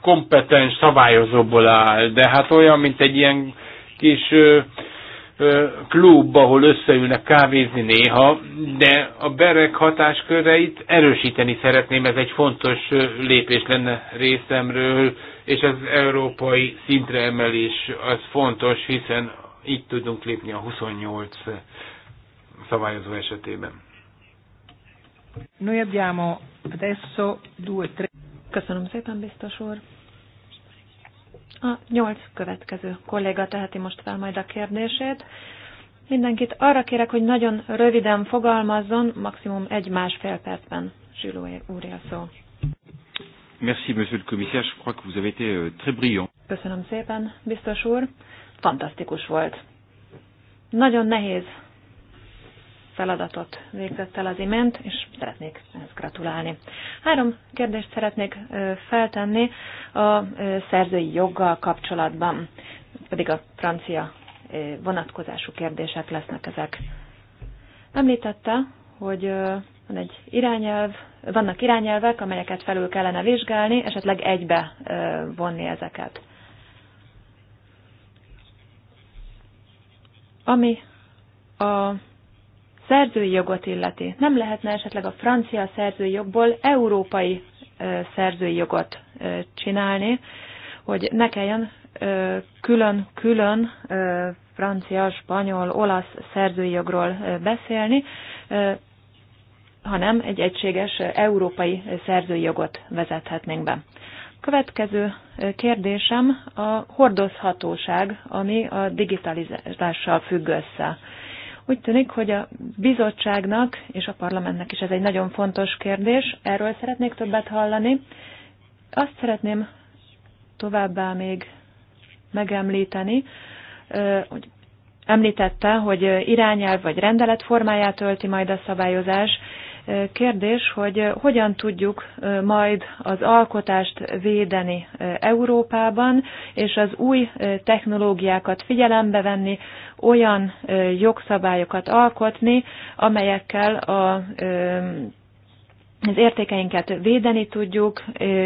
kompetens szabályozóból áll, de hát olyan, mint egy ilyen kis ö, ö, klub, ahol összeülnek kávézni néha, de a berek hatásköreit erősíteni szeretném, ez egy fontos lépés lenne részemről, és az európai szintre emelés az fontos, hiszen így tudunk lépni a 28 szabályozó esetében. Noi abbiamo adesso due, tre... Köszönöm szépen, biztos úr. A nyolc következő kolléga teheti most fel majd a kérdését. Mindenkit arra kérek, hogy nagyon röviden fogalmazzon, maximum egy-másfél percben. Zsiló úr szó. Merci, monsieur le commissaire. Je crois que vous avez été euh, très brillant. Köszönöm szépen, biztos úr. Fantasztikus volt. Nagyon nehéz feladatot végzett el az imént, és szeretnék ezt gratulálni. Három kérdést szeretnék feltenni a szerzői joggal kapcsolatban, pedig a francia vonatkozású kérdések lesznek ezek. Említette, hogy van egy irányelv, vannak irányelvek, amelyeket felül kellene vizsgálni, esetleg egybe vonni ezeket. Ami a szerzői jogot illeti, nem lehetne esetleg a francia szerzői jogból európai szerzői jogot csinálni, hogy ne kelljen külön-külön francia, spanyol, olasz szerzői jogról beszélni, hanem egy egységes európai szerzői jogot vezethetnénk be. Következő kérdésem a hordozhatóság, ami a digitalizálással függ össze. Úgy tűnik, hogy a bizottságnak és a parlamentnek is ez egy nagyon fontos kérdés, erről szeretnék többet hallani. Azt szeretném továbbá még megemlíteni, hogy említette, hogy irányelv vagy rendelet formáját ölti majd a szabályozás, Kérdés, hogy hogyan tudjuk majd az alkotást védeni Európában, és az új technológiákat figyelembe venni, olyan jogszabályokat alkotni, amelyekkel a, az értékeinket védeni tudjuk,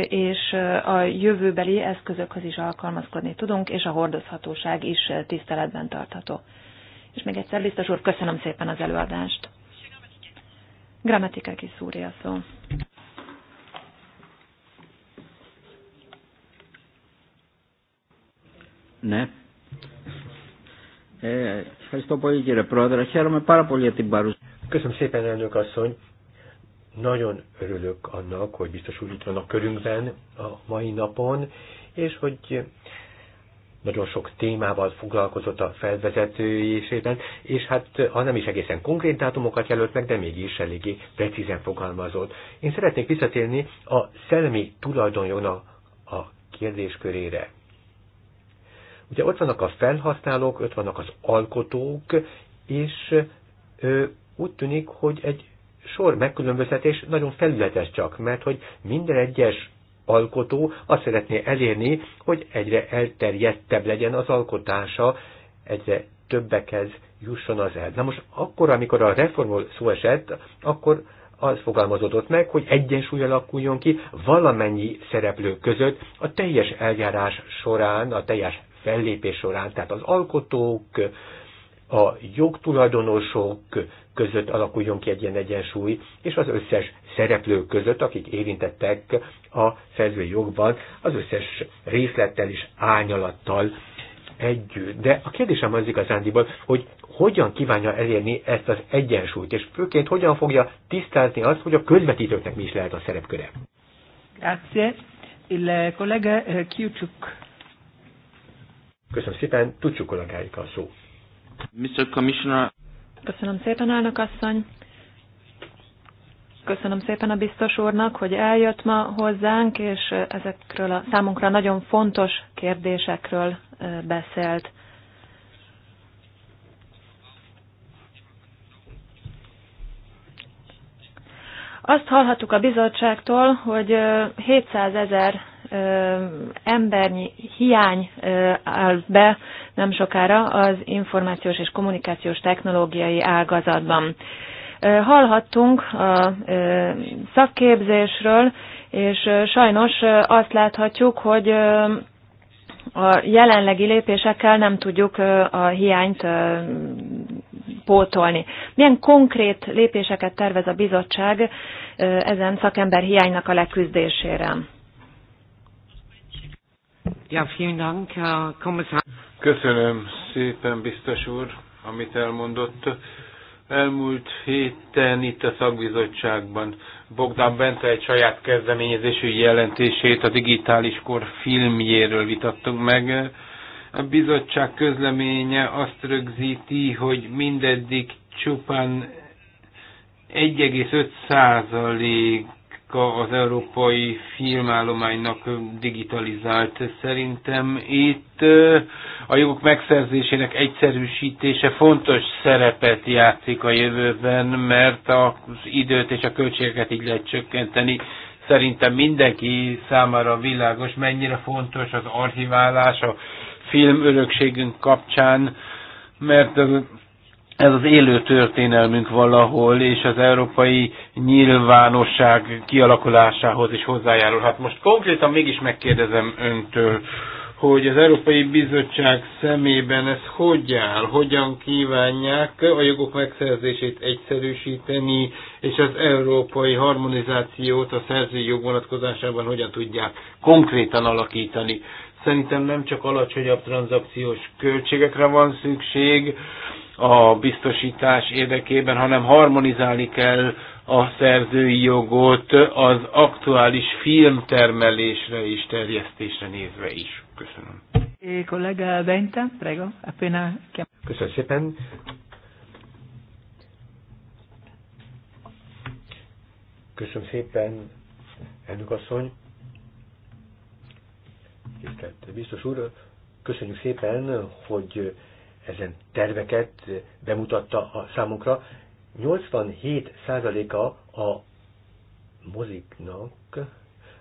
és a jövőbeli eszközökhöz is alkalmazkodni tudunk, és a hordozhatóság is tiszteletben tartható. És még egyszer, biztos úr, köszönöm szépen az előadást. Grammatikáki szúrja szó. Ναι. Ε, ευχαριστώ πολύ κύριε Πρόεδρε. Χαίρομαι πάρα πολύ για την παρουσία. Köszönöm szépen, elnök asszony. Nagyon örülök annak, hogy biztos úr itt van a körünkben a mai napon, és hogy nagyon sok témával foglalkozott a felvezetőjésében, és hát ha nem is egészen konkrét dátumokat jelölt meg, de mégis eléggé precízen fogalmazott. Én szeretnék visszatérni a szellemi tulajdonjognak a kérdéskörére. Ugye ott vannak a felhasználók, ott vannak az alkotók, és ö, úgy tűnik, hogy egy sor megkülönböztetés nagyon felületes csak, mert hogy minden egyes alkotó azt szeretné elérni, hogy egyre elterjedtebb legyen az alkotása, egyre többekhez jusson az el. Na most akkor, amikor a reformról szó esett, akkor az fogalmazódott meg, hogy egyensúly alakuljon ki valamennyi szereplő között a teljes eljárás során, a teljes fellépés során, tehát az alkotók, a jogtulajdonosok között alakuljon ki egy ilyen egyensúly, és az összes szereplők között, akik érintettek a szerzői jogban, az összes részlettel és ányalattal együtt. De a kérdésem az igazándiból, hogy hogyan kívánja elérni ezt az egyensúlyt, és főként hogyan fogja tisztázni azt, hogy a közvetítőknek mi is lehet a szerepköre. Grazie. Il collega eh, Kiucsuk. Köszönöm szépen, tudjuk kollégáik a szót. Mr. Commissioner. Köszönöm szépen, elnök asszony. Köszönöm szépen a biztos úrnak, hogy eljött ma hozzánk, és ezekről a számunkra nagyon fontos kérdésekről beszélt. Azt hallhattuk a bizottságtól, hogy 700 ezer embernyi hiány áll be nem sokára az információs és kommunikációs technológiai ágazatban. Hallhattunk a szakképzésről, és sajnos azt láthatjuk, hogy a jelenlegi lépésekkel nem tudjuk a hiányt pótolni. Milyen konkrét lépéseket tervez a bizottság ezen szakember hiánynak a leküzdésére? Ja, vielen Dank, Herr Kommissar. Köszönöm szépen, biztos úr, amit elmondott. Elmúlt héten itt a szakbizottságban Bogdán Bente egy saját kezdeményezésű jelentését a digitális kor filmjéről vitattunk meg. A bizottság közleménye azt rögzíti, hogy mindeddig csupán 1,5 Afrika az európai filmállománynak digitalizált. Szerintem itt a jogok megszerzésének egyszerűsítése fontos szerepet játszik a jövőben, mert az időt és a költségeket így lehet csökkenteni. Szerintem mindenki számára világos, mennyire fontos az archiválás a filmörökségünk kapcsán, mert ez az élő történelmünk valahol, és az európai nyilvánosság kialakulásához is hozzájárulhat. Most konkrétan mégis megkérdezem öntől, hogy az Európai Bizottság szemében ez hogy áll, hogyan kívánják a jogok megszerzését egyszerűsíteni, és az európai harmonizációt a szerzői jog vonatkozásában hogyan tudják konkrétan alakítani. Szerintem nem csak alacsonyabb tranzakciós költségekre van szükség, a biztosítás érdekében, hanem harmonizálni kell a szerzői jogot az aktuális filmtermelésre és terjesztésre nézve is. Köszönöm. Kollega prego, appena Köszönöm szépen. Köszönöm szépen, elnök asszony. Tisztelt biztos úr, köszönjük szépen, hogy ezen terveket bemutatta a számunkra. 87%-a a moziknak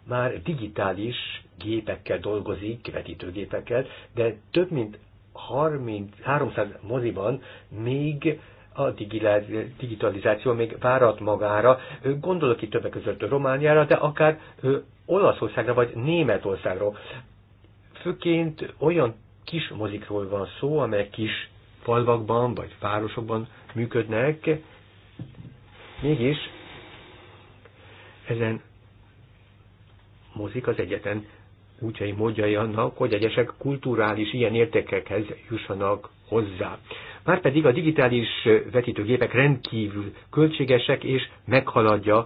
már digitális gépekkel dolgozik, vetítőgépekkel, de több mint 30, 300 moziban még a digitalizáció még várat magára. Gondolok itt többek között Romániára, de akár Olaszországra vagy Németországra. Főként olyan kis mozikról van szó, amelyek kis falvakban vagy városokban működnek, mégis ezen mozik az egyetlen útjai, módjai annak, hogy egyesek kulturális ilyen értékekhez jussanak hozzá. Márpedig a digitális vetítőgépek rendkívül költségesek és meghaladja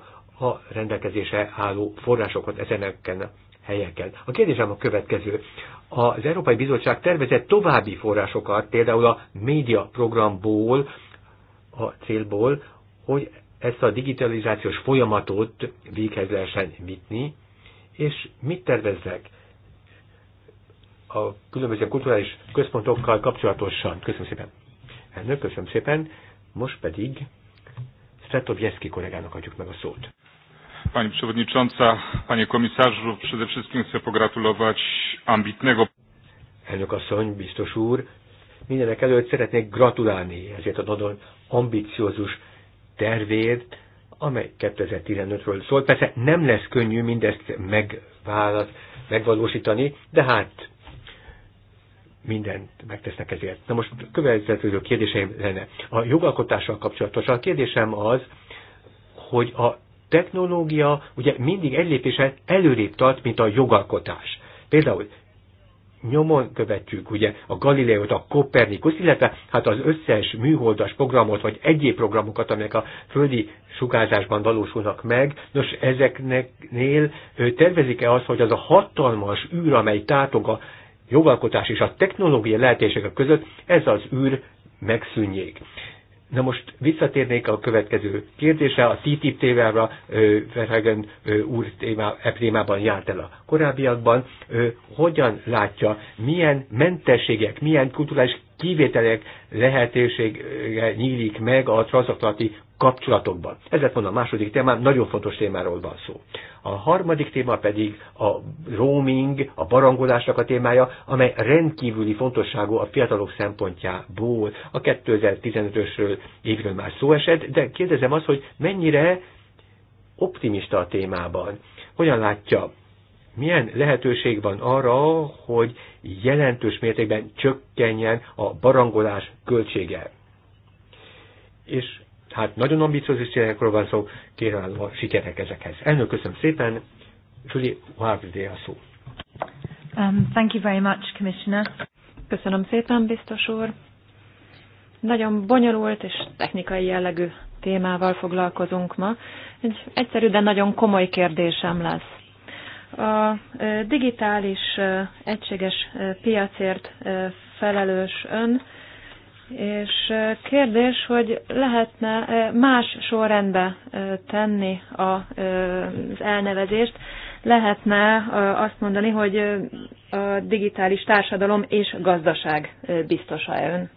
a rendelkezése álló forrásokat ezeneken helyeken. A kérdésem a következő. Az Európai Bizottság tervezett további forrásokat, például a média programból, a célból, hogy ezt a digitalizációs folyamatot véghez lehessen vitni, és mit terveznek a különböző kulturális központokkal kapcsolatosan. Köszönöm szépen. Elnök, köszönöm szépen. Most pedig Svetovjeszki kollégának adjuk meg a szót. Pani Przewodnicząca, Panie Komisarzu, przede wszystkim chcę pogratulować ambitnego... Elnök asszony, biztos úr, mindenek előtt szeretnék gratulálni ezért a nagyon ambiciózus tervét, amely 2015-ről szól. Persze nem lesz könnyű mindezt megválasz, megvalósítani, de hát mindent megtesznek ezért. Na most a következő kérdéseim lenne. A jogalkotással kapcsolatosan a kérdésem az, hogy a technológia ugye mindig egy lépéssel előrébb tart, mint a jogalkotás. Például nyomon követjük ugye a Galileót, a Kopernikus, illetve hát az összes műholdas programot, vagy egyéb programokat, amelyek a földi sugárzásban valósulnak meg. Nos, ezeknél tervezik-e az, hogy az a hatalmas űr, amely tátog a jogalkotás és a technológia lehetőségek között, ez az űr megszűnjék. Na most visszatérnék a következő kérdésre, a TTIP tévára Verhagen úr e témában járt el a korábbiakban, ö, hogyan látja, milyen mentességek, milyen kulturális kivételek lehetősége nyílik meg a transatlanti kapcsolatokban. Ez lett volna a második témám, nagyon fontos témáról van szó. A harmadik téma pedig a roaming, a barangolásnak a témája, amely rendkívüli fontosságú a fiatalok szempontjából. A 2015-ösről évről már szó esett, de kérdezem azt, hogy mennyire optimista a témában. Hogyan látja milyen lehetőség van arra, hogy jelentős mértékben csökkenjen a barangolás költsége. És hát nagyon ambiciózus célekről van szó, kérem a sikerek ezekhez. Elnök, köszönöm szépen, Julie Harvey a szó. Um, thank you very much, Commissioner. Köszönöm szépen, biztos úr. Nagyon bonyolult és technikai jellegű témával foglalkozunk ma. Egy egyszerű, de nagyon komoly kérdésem lesz. A digitális egységes piacért felelős ön, és kérdés, hogy lehetne más sorrendbe tenni az elnevezést, lehetne azt mondani, hogy a digitális társadalom és gazdaság biztosa ön.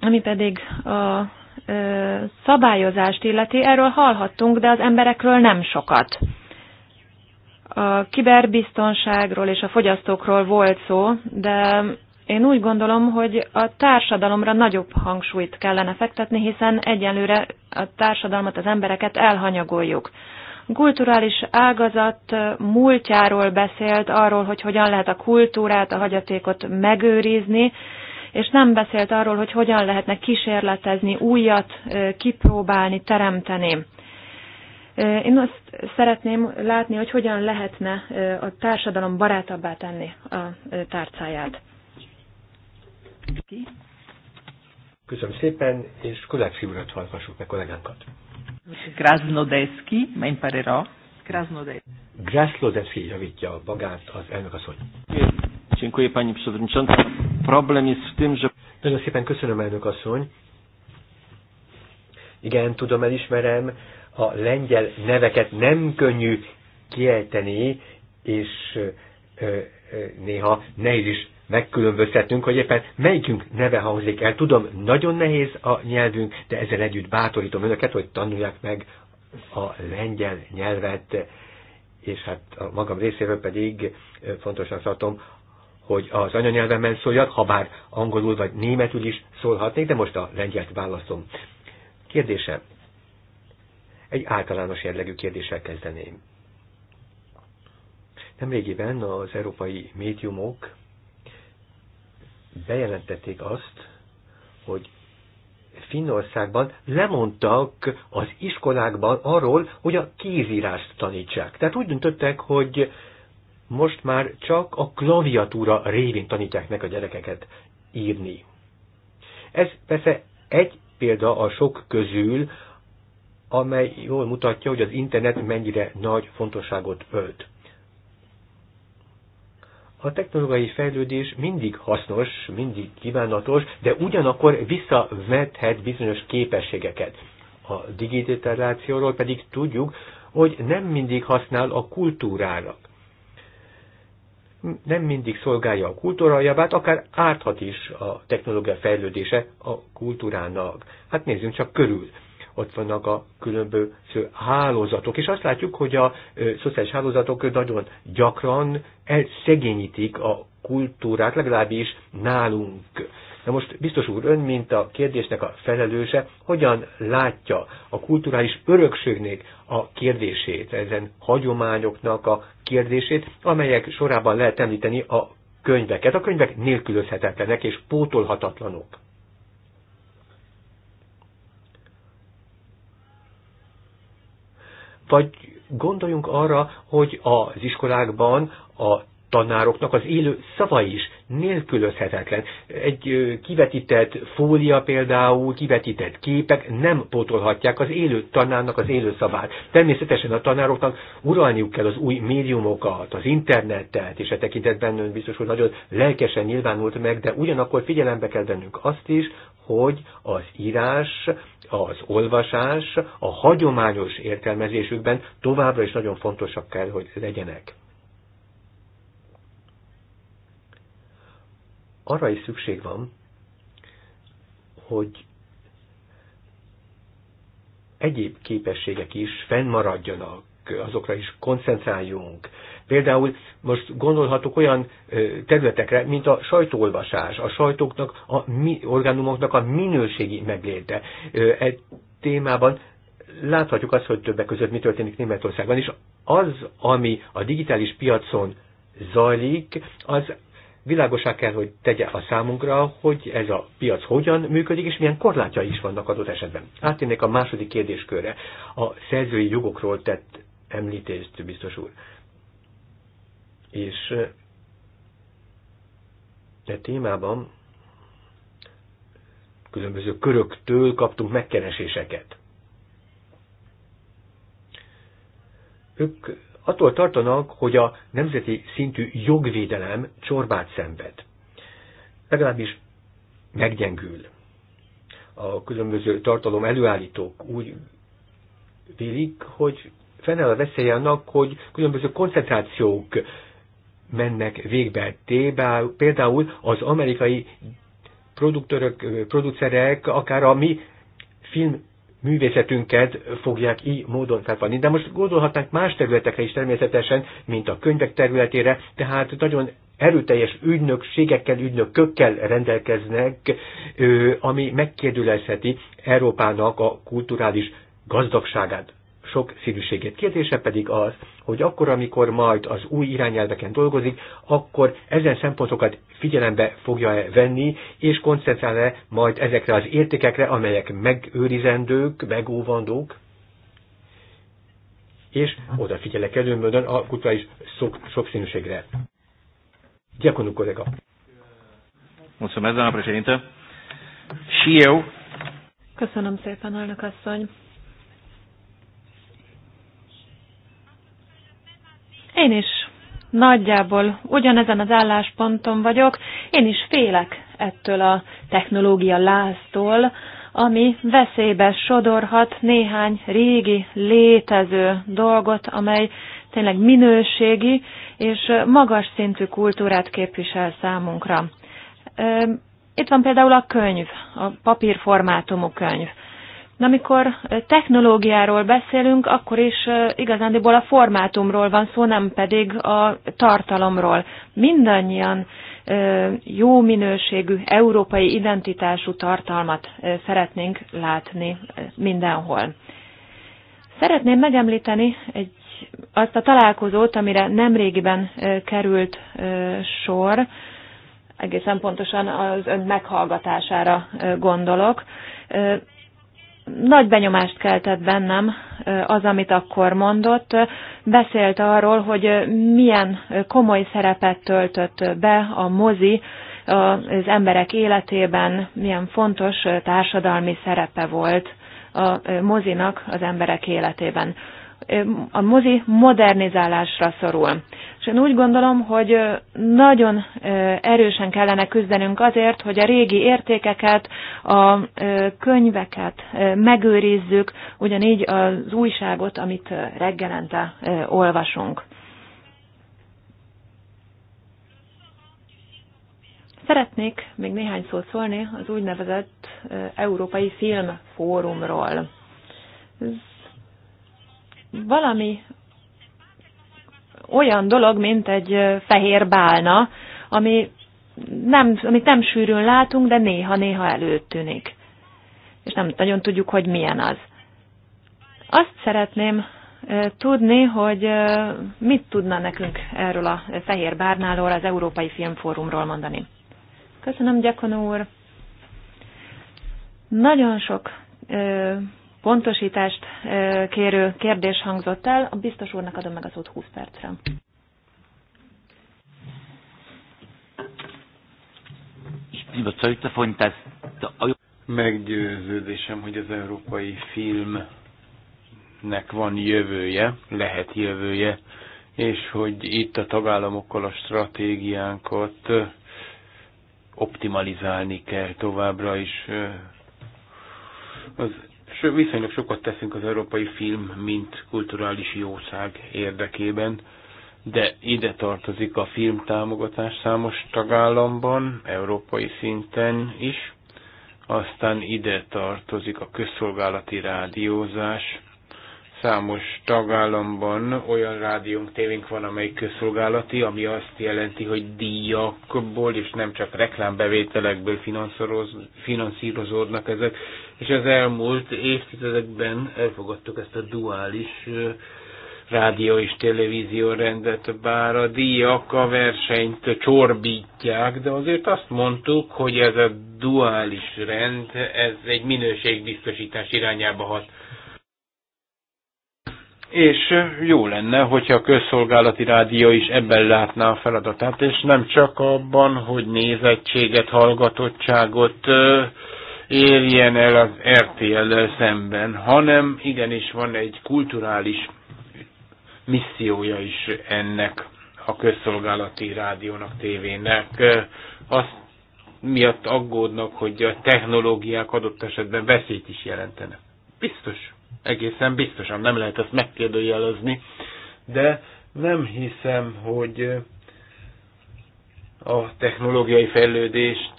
Ami pedig a szabályozást illeti, erről hallhattunk, de az emberekről nem sokat. A kiberbiztonságról és a fogyasztókról volt szó, de én úgy gondolom, hogy a társadalomra nagyobb hangsúlyt kellene fektetni, hiszen egyenlőre a társadalmat, az embereket elhanyagoljuk. A kulturális ágazat múltjáról beszélt, arról, hogy hogyan lehet a kultúrát, a hagyatékot megőrizni, és nem beszélt arról, hogy hogyan lehetne kísérletezni, újat kipróbálni, teremteni. Én azt szeretném látni, hogy hogyan lehetne a társadalom barátabbá tenni a tárcáját. Köszönöm szépen, és Kulácsi urat hallgassuk meg kollégánkat. Krasnodeszki, menj parera. Krasnodeszki. Krasnodeszki javítja magát az elnök asszony. Dziękuję Pani Przewodnicząca. Problem jest w tym, że... Nagyon szépen köszönöm, elnök asszony. Igen, tudom, elismerem, a lengyel neveket nem könnyű kiejteni, és ö, ö, néha nehéz is megkülönböztetnünk, hogy éppen melyikünk neve hangzik el. Tudom, nagyon nehéz a nyelvünk, de ezzel együtt bátorítom önöket, hogy tanulják meg a lengyel nyelvet, és hát a magam részéről pedig fontosnak tartom hogy az anyanyelvemen szóljak, ha bár angolul vagy németül is szólhatnék, de most a lengyelt válaszom. Kérdésem. Egy általános jellegű kérdéssel kezdeném. Nemrégiben az európai médiumok bejelentették azt, hogy Finnországban lemondtak az iskolákban arról, hogy a kézírást tanítsák. Tehát úgy döntöttek, hogy most már csak a klaviatúra révén tanítják meg a gyerekeket írni. Ez persze egy példa a sok közül, amely jól mutatja, hogy az internet mennyire nagy fontosságot ölt. A technológiai fejlődés mindig hasznos, mindig kívánatos, de ugyanakkor visszavethet bizonyos képességeket. A digitalizációról pedig tudjuk, hogy nem mindig használ a kultúrának nem mindig szolgálja a kultúra javát, akár árthat is a technológia fejlődése a kultúrának. Hát nézzünk csak körül. Ott vannak a különböző hálózatok, és azt látjuk, hogy a szociális hálózatok nagyon gyakran elszegényítik a kultúrát, legalábbis nálunk. Na most biztos úr, ön, mint a kérdésnek a felelőse, hogyan látja a kulturális örökségnek a kérdését, ezen hagyományoknak a kérdését, amelyek sorában lehet említeni a könyveket. A könyvek nélkülözhetetlenek és pótolhatatlanok. Vagy gondoljunk arra, hogy az iskolákban a tanároknak az élő szava is nélkülözhetetlen. Egy kivetített fólia például, kivetített képek nem pótolhatják az élő tanárnak az élő szavát. Természetesen a tanároknak uralniuk kell az új médiumokat, az internetet, és e tekintetben ön biztos, hogy nagyon lelkesen nyilvánult meg, de ugyanakkor figyelembe kell vennünk azt is, hogy az írás, az olvasás, a hagyományos értelmezésükben továbbra is nagyon fontosak kell, hogy legyenek. arra is szükség van, hogy egyéb képességek is fennmaradjanak, azokra is koncentráljunk. Például most gondolhatok olyan területekre, mint a sajtóolvasás, a sajtóknak, a mi, orgánumoknak a minőségi megléte. E témában láthatjuk azt, hogy többek között mi történik Németországban, és az, ami a digitális piacon zajlik, az világosá kell, hogy tegye a számunkra, hogy ez a piac hogyan működik, és milyen korlátja is vannak adott esetben. Átérnék a második kérdéskörre, a szerzői jogokról tett említést, biztos úr. És e témában különböző köröktől kaptunk megkereséseket. Ők attól tartanak, hogy a nemzeti szintű jogvédelem csorbát szenved. Legalábbis meggyengül. A különböző tartalom előállítók úgy vélik, hogy fennáll a veszély annak, hogy különböző koncentrációk mennek végbe. tébe. például az amerikai produktörök, producerek, akár a mi film művészetünket fogják így módon felfalni. De most gondolhatnánk más területekre is természetesen, mint a könyvek területére, tehát nagyon erőteljes ügynökségekkel, ügynökökkel rendelkeznek, ami megkérdőlezheti Európának a kulturális gazdagságát sok szívűségét. Kérdése pedig az, hogy akkor, amikor majd az új irányelveken dolgozik, akkor ezen szempontokat figyelembe fogja -e venni, és koncentrál-e majd ezekre az értékekre, amelyek megőrizendők, megóvandók, és odafigyelek előmödön a is sok, sokszínűségre. Gyakorlunk, kollega. Mulțumesc, doamna președintă. Și eu. Köszönöm szépen, elnök asszony. Én is nagyjából ugyanezen az állásponton vagyok. Én is félek ettől a technológia láztól, ami veszélybe sodorhat néhány régi létező dolgot, amely tényleg minőségi és magas szintű kultúrát képvisel számunkra. Itt van például a könyv, a papírformátumú könyv. De amikor technológiáról beszélünk, akkor is igazándiból a formátumról van szó, nem pedig a tartalomról. Mindannyian jó minőségű európai identitású tartalmat szeretnénk látni mindenhol. Szeretném megemlíteni egy, azt a találkozót, amire nemrégiben került sor, egészen pontosan az ön meghallgatására gondolok nagy benyomást keltett bennem az, amit akkor mondott. Beszélt arról, hogy milyen komoly szerepet töltött be a mozi az emberek életében, milyen fontos társadalmi szerepe volt a mozinak az emberek életében. A mozi modernizálásra szorul én úgy gondolom, hogy nagyon erősen kellene küzdenünk azért, hogy a régi értékeket, a könyveket megőrizzük, ugyanígy az újságot, amit reggelente olvasunk. Szeretnék még néhány szót szólni az úgynevezett Európai Filmfórumról. Ez valami olyan dolog, mint egy fehér bálna, ami nem, amit nem sűrűn látunk, de néha-néha előtűnik. És nem nagyon tudjuk, hogy milyen az. Azt szeretném tudni, hogy mit tudna nekünk erről a Fehér Bárnáról, az Európai Filmfórumról mondani. Köszönöm, Gyakon úr! Nagyon sok pontosítást kérő kérdés hangzott el. A biztos úrnak adom meg az ott 20 percre. Meggyőződésem, hogy az európai filmnek van jövője, lehet jövője, és hogy itt a tagállamokkal a stratégiánkat optimalizálni kell továbbra is az viszonylag sokat teszünk az európai film, mint kulturális jószág érdekében, de ide tartozik a film támogatás számos tagállamban, európai szinten is, aztán ide tartozik a közszolgálati rádiózás, Számos tagállamban olyan rádiónk, tévénk van, amely közszolgálati, ami azt jelenti, hogy díjakból és nem csak reklámbevételekből finanszírozódnak ezek. És az elmúlt évtizedekben elfogadtuk ezt a duális rádió és televízió rendet, bár a díjak a versenyt csorbítják, de azért azt mondtuk, hogy ez a duális rend, ez egy minőségbiztosítás irányába hat és jó lenne, hogyha a közszolgálati rádió is ebben látná a feladatát, és nem csak abban, hogy nézettséget, hallgatottságot érjen el az rtl szemben, hanem igenis van egy kulturális missziója is ennek a közszolgálati rádiónak, tévének. Azt miatt aggódnak, hogy a technológiák adott esetben veszélyt is jelentenek. Biztos egészen biztosan nem lehet ezt megkérdőjelezni, de nem hiszem, hogy a technológiai fejlődést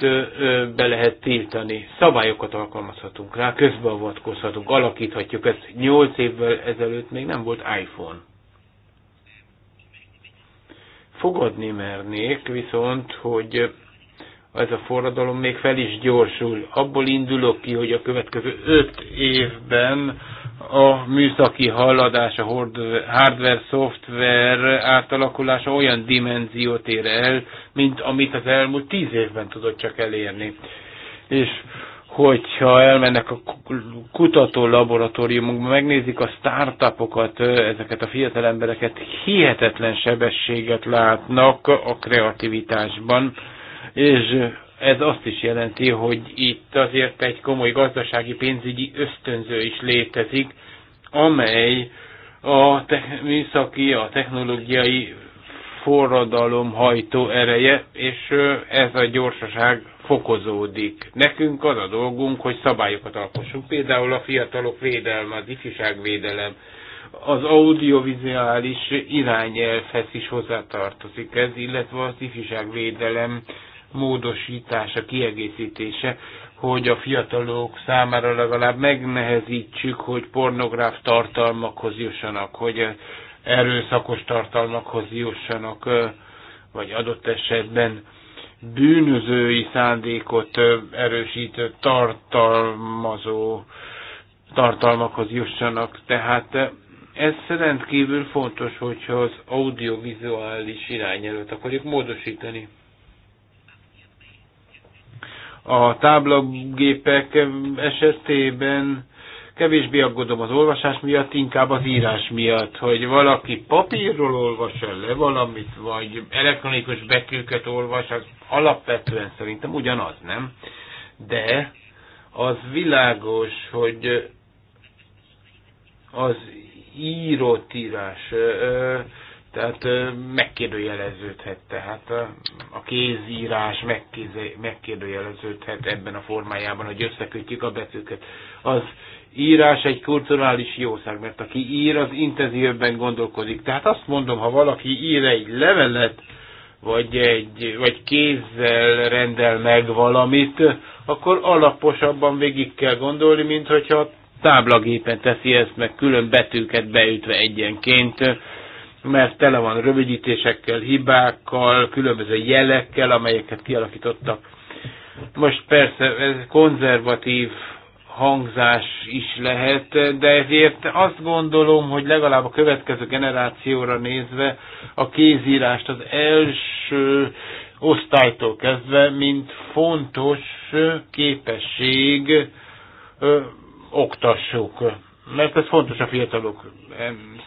be lehet tiltani. Szabályokat alkalmazhatunk rá, közbeavatkozhatunk, alakíthatjuk ezt. Nyolc évvel ezelőtt még nem volt iPhone. Fogadni mernék viszont, hogy ez a forradalom még fel is gyorsul. Abból indulok ki, hogy a következő öt évben a műszaki haladás, a hardware-szoftver átalakulása olyan dimenziót ér el, mint amit az elmúlt tíz évben tudott csak elérni. És hogyha elmennek a kutató laboratóriumunkba, megnézik a startupokat, ezeket a fiatal embereket, hihetetlen sebességet látnak a kreativitásban, és ez azt is jelenti, hogy itt azért egy komoly gazdasági pénzügyi ösztönző is létezik, amely a te- műszaki, a technológiai forradalom hajtó ereje, és ez a gyorsaság fokozódik. Nekünk az a dolgunk, hogy szabályokat alkossunk, például a fiatalok védelme, az ifjúságvédelem, az audiovizuális irányelvhez is hozzátartozik ez, illetve az ifjúságvédelem módosítása, kiegészítése, hogy a fiatalok számára legalább megnehezítsük, hogy pornográf tartalmakhoz jussanak, hogy erőszakos tartalmakhoz jussanak, vagy adott esetben bűnözői szándékot erősítő tartalmazó tartalmakhoz jussanak. Tehát ez rendkívül fontos, hogyha az audiovizuális irányelőt akarjuk módosítani. A táblagépek esetében kevésbé aggódom az olvasás miatt, inkább az írás miatt, hogy valaki papírról olvas el le valamit, vagy elektronikus betűket olvas, az alapvetően szerintem ugyanaz, nem? De az világos, hogy az írott írás tehát megkérdőjeleződhet, tehát a kézírás megkérdőjeleződhet ebben a formájában, hogy összekötjük a betűket. Az írás egy kulturális jószág, mert aki ír, az intenzívebben gondolkodik. Tehát azt mondom, ha valaki ír egy levelet, vagy, egy, vagy kézzel rendel meg valamit, akkor alaposabban végig kell gondolni, mint hogyha táblagépen teszi ezt meg külön betűket beütve egyenként mert tele van rövidítésekkel, hibákkal, különböző jelekkel, amelyeket kialakítottak. Most persze ez konzervatív hangzás is lehet, de ezért azt gondolom, hogy legalább a következő generációra nézve a kézírást az első osztálytól kezdve, mint fontos képesség ö, oktassuk. Mert ez fontos a fiatalok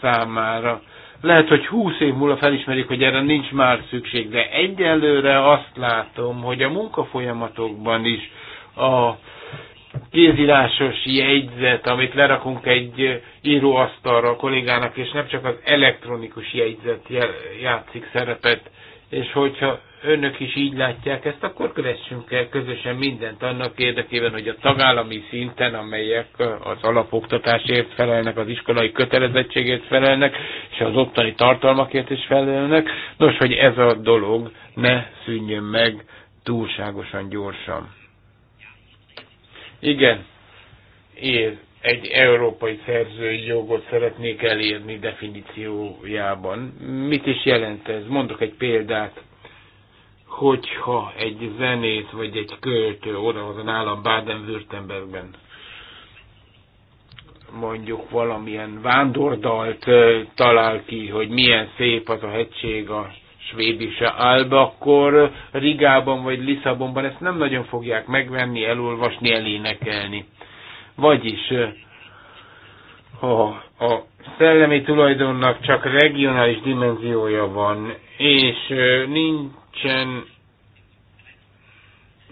számára. Lehet, hogy húsz év múlva felismerik, hogy erre nincs már szükség, de egyelőre azt látom, hogy a munkafolyamatokban is a kézírásos jegyzet, amit lerakunk egy íróasztalra a kollégának, és nem csak az elektronikus jegyzet játszik szerepet, és hogyha önök is így látják ezt, akkor kövessünk el közösen mindent annak érdekében, hogy a tagállami szinten, amelyek az alapoktatásért felelnek, az iskolai kötelezettségért felelnek, és az ottani tartalmakért is felelnek, nos, hogy ez a dolog ne szűnjön meg túlságosan gyorsan. Igen, én egy európai szerzői jogot szeretnék elérni definíciójában. Mit is jelent ez? Mondok egy példát hogyha egy zenész vagy egy költő oda az állam Baden-Württembergben mondjuk valamilyen vándordalt talál ki, hogy milyen szép az a hegység a svédise álba, akkor Rigában vagy Lisszabonban ezt nem nagyon fogják megvenni, elolvasni, elénekelni. Vagyis ha a szellemi tulajdonnak csak regionális dimenziója van, és nincs nincsen,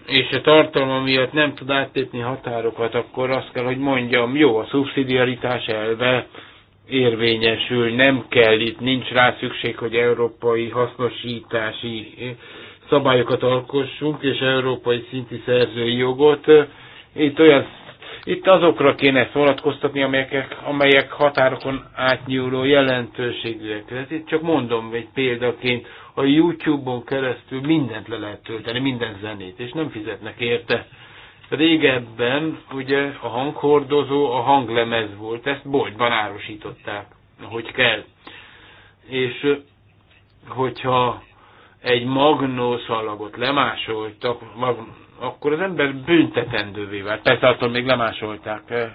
és a tartalma miatt nem tud áttépni határokat, akkor azt kell, hogy mondjam, jó, a szubszidiaritás elve érvényesül, nem kell itt, nincs rá szükség, hogy európai hasznosítási szabályokat alkossunk, és európai szinti szerzői jogot. Itt olyan itt azokra kéne ezt vonatkoztatni, amelyek, amelyek határokon átnyúló jelentőségűek. Ez hát itt csak mondom egy példaként, a YouTube-on keresztül mindent le lehet tölteni, minden zenét, és nem fizetnek érte. Régebben ugye a hanghordozó a hanglemez volt, ezt boltban árusították, hogy kell. És hogyha egy magnószalagot lemásoltak, mag, akkor az ember büntetendővé vált. Persze attól még lemásolták. Eh,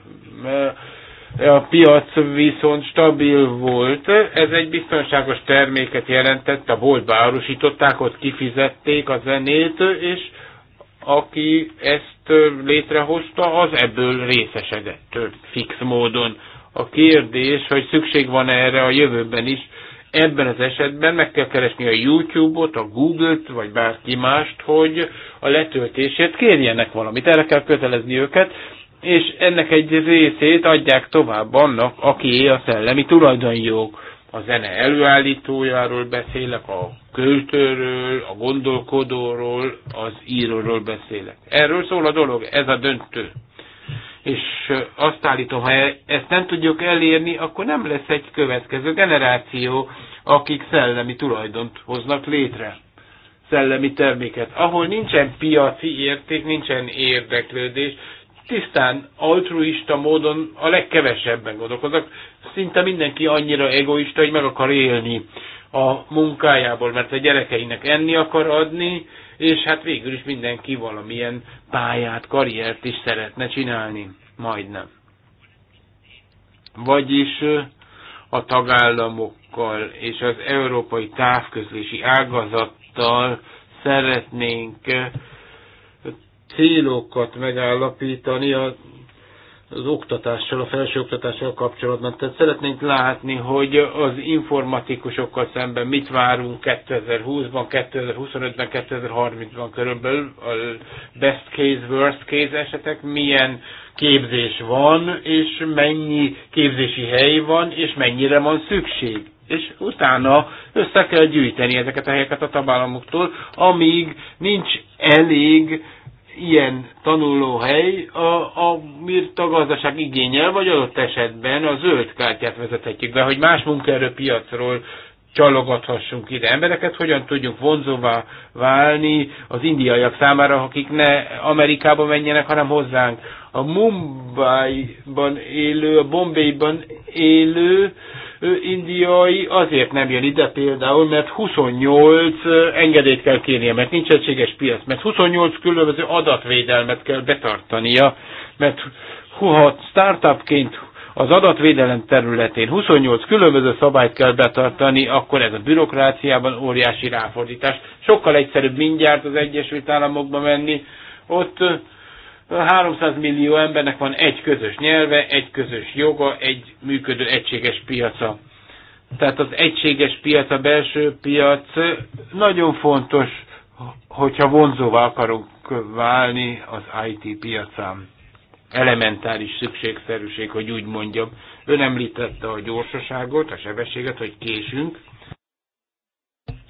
eh, a piac viszont stabil volt, ez egy biztonságos terméket jelentett, a boltba árusították, ott kifizették a zenét, és aki ezt eh, létrehozta, az ebből részesedett fix módon. A kérdés, hogy szükség van -e erre a jövőben is, Ebben az esetben meg kell keresni a YouTube-ot, a Google-t, vagy bárki mást, hogy a letöltését kérjenek valamit. Erre kell kötelezni őket, és ennek egy részét adják tovább annak, aki a szellemi tulajdonjog. A zene előállítójáról beszélek, a költőről, a gondolkodóról, az íróról beszélek. Erről szól a dolog, ez a döntő és azt állítom, ha e, ezt nem tudjuk elérni, akkor nem lesz egy következő generáció, akik szellemi tulajdont hoznak létre, szellemi terméket. Ahol nincsen piaci érték, nincsen érdeklődés, tisztán altruista módon a legkevesebben gondolkoznak. Szinte mindenki annyira egoista, hogy meg akar élni a munkájából, mert a gyerekeinek enni akar adni, és hát végül is mindenki valamilyen pályát, karriert is szeretne csinálni, majdnem. Vagyis a tagállamokkal és az európai távközlési ágazattal szeretnénk célokat megállapítani a az oktatással, a felsőoktatással kapcsolatban. Tehát szeretnénk látni, hogy az informatikusokkal szemben mit várunk 2020-ban, 2025-ben, 2030-ban körülbelül a best case, worst case esetek, milyen képzés van, és mennyi képzési hely van, és mennyire van szükség és utána össze kell gyűjteni ezeket a helyeket a tagállamoktól, amíg nincs elég ilyen tanulóhely, a, a, mirta gazdaság igényel, vagy adott esetben a zöld kártyát vezethetjük be, hogy más munkaerőpiacról csalogathassunk ide embereket, hogyan tudjunk vonzóvá válni az indiaiak számára, akik ne Amerikába menjenek, hanem hozzánk. A Mumbai-ban élő, a Bombay-ban élő indiai azért nem jön ide például, mert 28 engedélyt kell kérnie, mert nincs egységes piac, mert 28 különböző adatvédelmet kell betartania, mert ha startupként az adatvédelem területén 28 különböző szabályt kell betartani, akkor ez a bürokráciában óriási ráfordítás. Sokkal egyszerűbb mindjárt az Egyesült Államokba menni, ott 300 millió embernek van egy közös nyelve, egy közös joga, egy működő egységes piaca. Tehát az egységes piac, a belső piac nagyon fontos, hogyha vonzóvá akarunk válni az IT piacán. Elementális szükségszerűség, hogy úgy mondjam. Ön említette a gyorsaságot, a sebességet, hogy késünk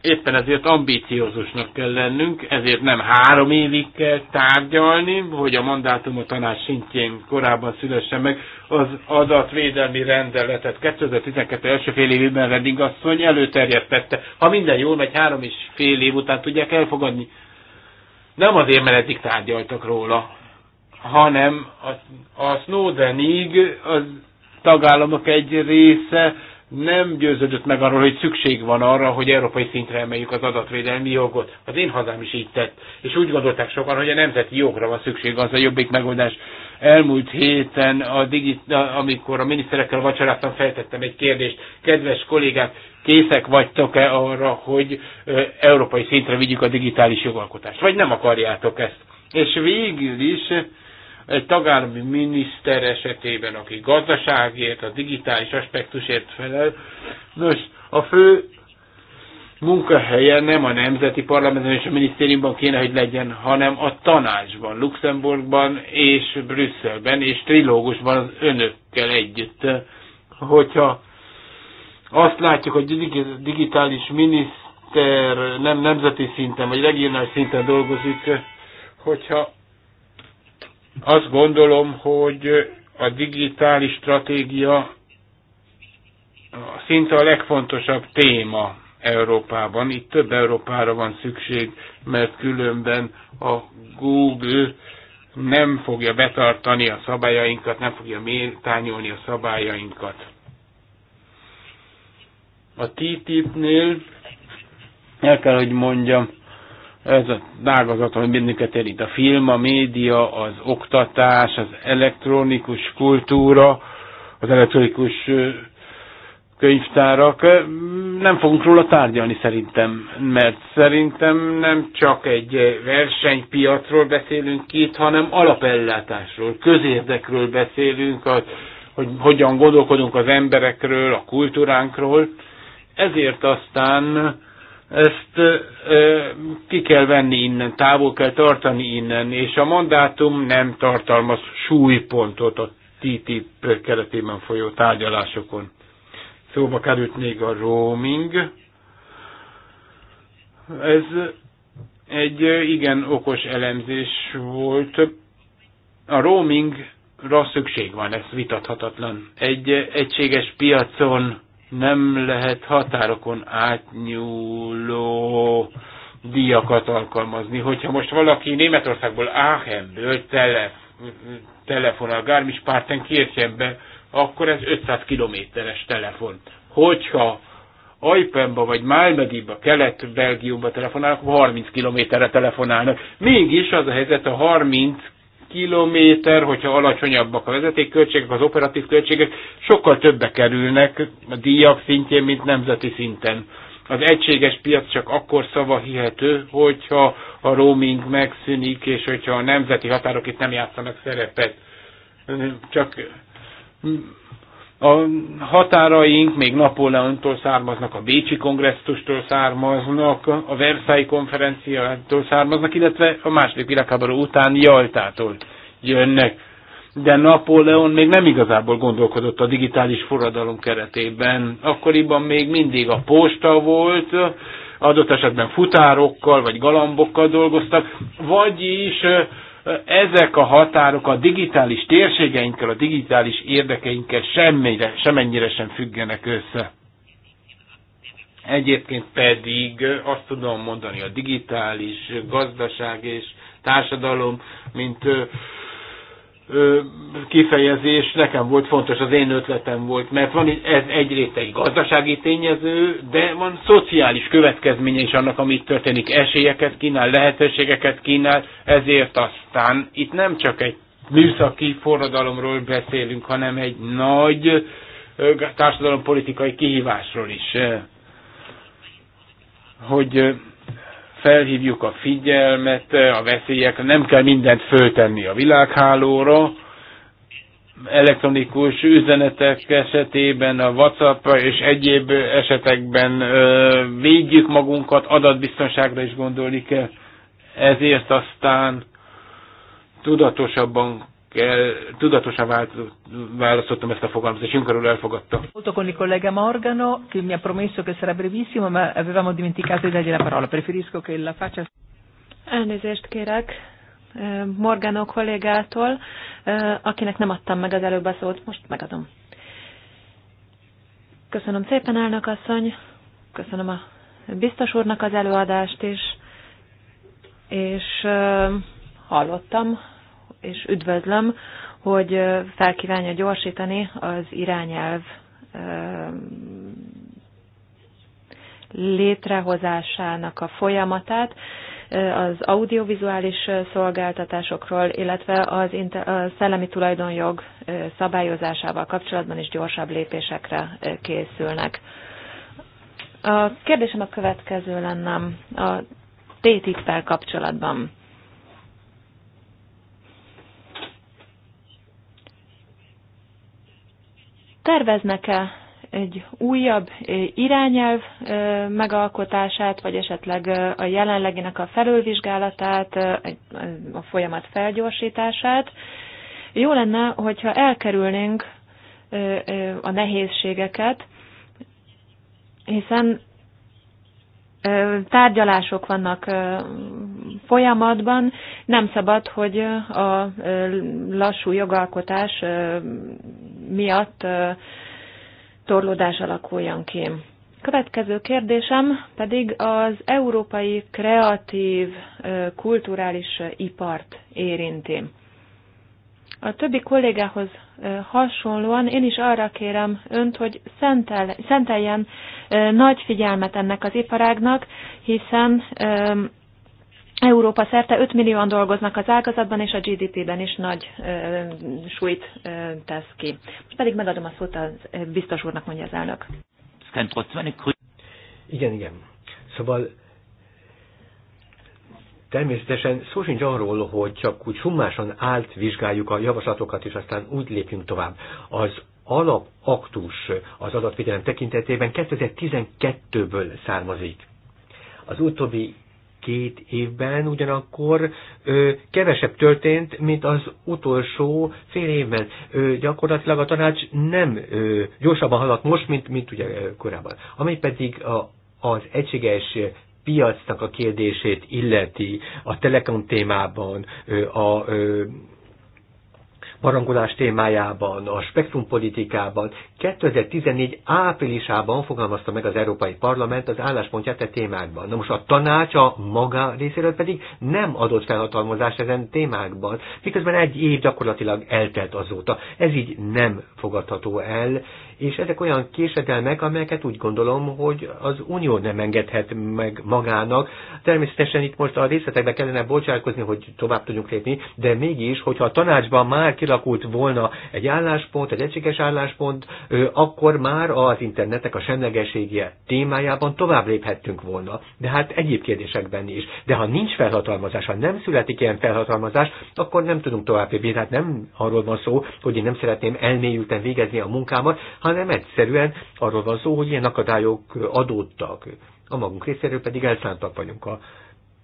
éppen ezért ambíciózusnak kell lennünk, ezért nem három évig kell tárgyalni, hogy a mandátum a tanács szintjén korábban szülesse meg az adatvédelmi rendeletet. 2012 első fél évben Redding asszony előterjesztette. Ha minden jól megy, három és fél év után tudják elfogadni. Nem azért, mert eddig tárgyaltak róla, hanem a, a Snowdenig az tagállamok egy része nem győződött meg arról, hogy szükség van arra, hogy európai szintre emeljük az adatvédelmi jogot. Az én hazám is így tett. És úgy gondolták sokan, hogy a nemzeti jogra van szükség, az a jobbik megoldás. Elmúlt héten, a digit, amikor a miniszterekkel vacsoráztam, feltettem egy kérdést. Kedves kollégák, készek vagytok-e arra, hogy európai szintre vigyük a digitális jogalkotást? Vagy nem akarjátok ezt? És végül is egy tagállami miniszter esetében, aki gazdaságért, a digitális aspektusért felel, nos, a fő munkahelye nem a nemzeti parlamentben és a minisztériumban kéne, hogy legyen, hanem a tanácsban, Luxemburgban és Brüsszelben és trilógusban az önökkel együtt. Hogyha azt látjuk, hogy digitális miniszter nem nemzeti szinten, vagy regionális szinten dolgozik, hogyha azt gondolom, hogy a digitális stratégia szinte a legfontosabb téma Európában. Itt több Európára van szükség, mert különben a Google nem fogja betartani a szabályainkat, nem fogja méltányolni a szabályainkat. A TTIP-nél el kell, hogy mondjam, ez a dágazat, ami bennünket érint. A film, a média, az oktatás, az elektronikus kultúra, az elektronikus könyvtárak. Nem fogunk róla tárgyalni szerintem, mert szerintem nem csak egy versenypiacról beszélünk itt, hanem alapellátásról, közérdekről beszélünk, hogy hogyan gondolkodunk az emberekről, a kultúránkról. Ezért aztán ezt ö, ki kell venni innen, távol kell tartani innen, és a mandátum nem tartalmaz súlypontot a TTIP keretében folyó tárgyalásokon. Szóba került még a roaming. Ez egy igen okos elemzés volt. A roamingra szükség van, ez vitathatatlan. Egy egységes piacon nem lehet határokon átnyúló díjakat alkalmazni. Hogyha most valaki Németországból, Aachenből tele, telefonál Gármis Párten Kirchenbe, akkor ez 500 kilométeres telefon. Hogyha Ajpenba vagy Málmediba, Kelet-Belgiumba telefonálnak, 30 kilométerre telefonálnak. Mégis az a helyzet, a 30 kilométer, hogyha alacsonyabbak a vezetékköltségek, az operatív költségek sokkal többe kerülnek a díjak szintjén, mint nemzeti szinten. Az egységes piac csak akkor szava hihető, hogyha a roaming megszűnik, és hogyha a nemzeti határok itt nem játszanak szerepet. Csak a határaink még Napóleontól származnak, a Bécsi kongresszustól származnak, a Versailles konferenciától származnak, illetve a második világháború után Jaltától jönnek. De Napóleon még nem igazából gondolkodott a digitális forradalom keretében. Akkoriban még mindig a posta volt, adott esetben futárokkal vagy galambokkal dolgoztak, vagyis ezek a határok a digitális térségeinkkel, a digitális érdekeinkkel semmire, semennyire sem függenek össze. Egyébként pedig azt tudom mondani, a digitális gazdaság és társadalom, mint kifejezés nekem volt fontos, az én ötletem volt, mert van ez egyrészt egy gazdasági tényező, de van szociális következménye is annak, amit történik, esélyeket kínál, lehetőségeket kínál, ezért aztán itt nem csak egy műszaki forradalomról beszélünk, hanem egy nagy társadalompolitikai kihívásról is. Hogy felhívjuk a figyelmet a veszélyekre, nem kell mindent föltenni a világhálóra, elektronikus üzenetek esetében, a WhatsApp és egyéb esetekben védjük magunkat, adatbiztonságra is gondolni kell. Ezért aztán tudatosabban kell, tudatosan választottam ezt a fogalmazást, Juncker úr elfogadta. Molto con il collega Morgano, che mi ha promesso che sarà brevissimo, ma avevamo dimenticato di dargli la parola. Preferisco che la faccia... Elnézést kérek eh, Morgano kollégától, eh, akinek nem adtam meg az előbb a szót, most megadom. Köszönöm szépen, elnök asszony, köszönöm a biztos úrnak az előadást is, és eh, hallottam és üdvözlöm, hogy felkívánja gyorsítani az irányelv létrehozásának a folyamatát az audiovizuális szolgáltatásokról, illetve az inter- a szellemi tulajdonjog szabályozásával kapcsolatban is gyorsabb lépésekre készülnek. A kérdésem a következő lenne a TTIP-fel kapcsolatban. Terveznek-e egy újabb eh, irányelv eh, megalkotását, vagy esetleg eh, a jelenleginek a felülvizsgálatát, a folyamat felgyorsítását. Jó lenne, hogyha elkerülnénk a nehézségeket, hiszen tárgyalások vannak folyamatban, nem szabad, hogy a lassú jogalkotás miatt torlódás alakuljon ki. Következő kérdésem pedig az európai kreatív kulturális ipart érinti. A többi kollégához hasonlóan én is arra kérem önt, hogy szentel, szenteljen nagy figyelmet ennek az iparágnak, hiszen Európa szerte 5 millióan dolgoznak az ágazatban, és a GDP-ben is nagy ö, súlyt ö, tesz ki. Most pedig megadom a szót a biztos úrnak, mondja az elnök. Igen, igen. Szóval Természetesen szó sincs arról, hogy csak úgy summásan állt vizsgáljuk a javaslatokat, és aztán úgy lépjünk tovább. Az alapaktus az adatvédelem tekintetében 2012-ből származik. Az utóbbi két évben ugyanakkor ö, kevesebb történt, mint az utolsó fél évben. Ö, gyakorlatilag a tanács nem ö, gyorsabban haladt most, mint, mint ugye ö, korábban. Ami pedig a, az egységes piacnak a kérdését illeti a telekom témában, a barangolás témájában, a spektrumpolitikában 2014 áprilisában fogalmazta meg az Európai Parlament az álláspontját a e témákban. Na most a tanács a maga részéről pedig nem adott felhatalmazást ezen témákban, miközben egy év gyakorlatilag eltelt azóta. Ez így nem fogadható el, és ezek olyan késedelmek, amelyeket úgy gondolom, hogy az Unió nem engedhet meg magának. Természetesen itt most a részletekbe kellene bocsátkozni, hogy tovább tudjunk lépni, de mégis, hogyha a tanácsban már kilakult volna egy álláspont, egy egységes álláspont, akkor már az internetek a semlegeségje témájában tovább léphettünk volna. De hát egyéb kérdésekben is. De ha nincs felhatalmazás, ha nem születik ilyen felhatalmazás, akkor nem tudunk tovább lépni. Tehát nem arról van szó, hogy én nem szeretném elmélyülten végezni a munkámat, hanem egyszerűen arról van szó, hogy ilyen akadályok adódtak, a magunk részéről pedig elszántak vagyunk a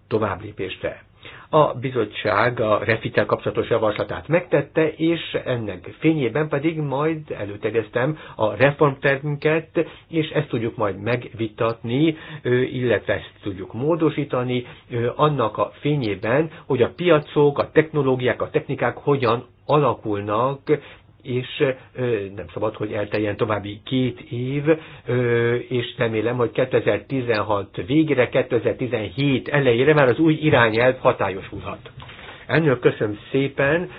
tovább lépésre. A bizottság a refitel kapcsolatos javaslatát megtette, és ennek fényében pedig majd előtegeztem a reformtervünket, és ezt tudjuk majd megvitatni, illetve ezt tudjuk módosítani, annak a fényében, hogy a piacok, a technológiák, a technikák hogyan alakulnak, és nem szabad, hogy elteljen további két év, és remélem, hogy 2016 végére, 2017 elejére már az új irányelv hatályosulhat. Ennél köszönöm szépen,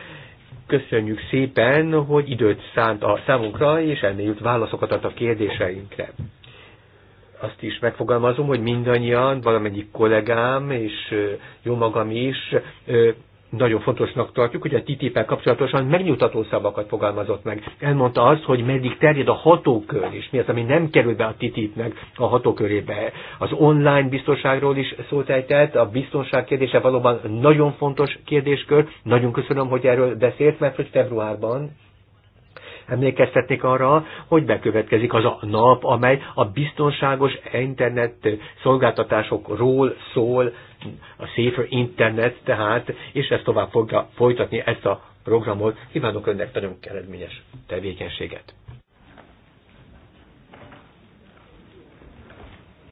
köszönjük szépen, hogy időt szánt a számunkra, és elmélyült válaszokat ad a kérdéseinkre. Azt is megfogalmazom, hogy mindannyian, valamennyi kollégám és jó magam is nagyon fontosnak tartjuk, hogy a ttip kapcsolatosan megnyugtató szavakat fogalmazott meg. Elmondta azt, hogy meddig terjed a hatókör, is, mi az, ami nem kerül be a TTIP-nek a hatókörébe. Az online biztonságról is szólt ejtett, a biztonság kérdése valóban nagyon fontos kérdéskör. Nagyon köszönöm, hogy erről beszélt, mert hogy februárban emlékeztetnék arra, hogy bekövetkezik az a nap, amely a biztonságos internet szolgáltatásokról szól, a Safer Internet tehát, és ezt tovább fogja folytatni ezt a programot. Kívánok önnek nagyon eredményes tevékenységet.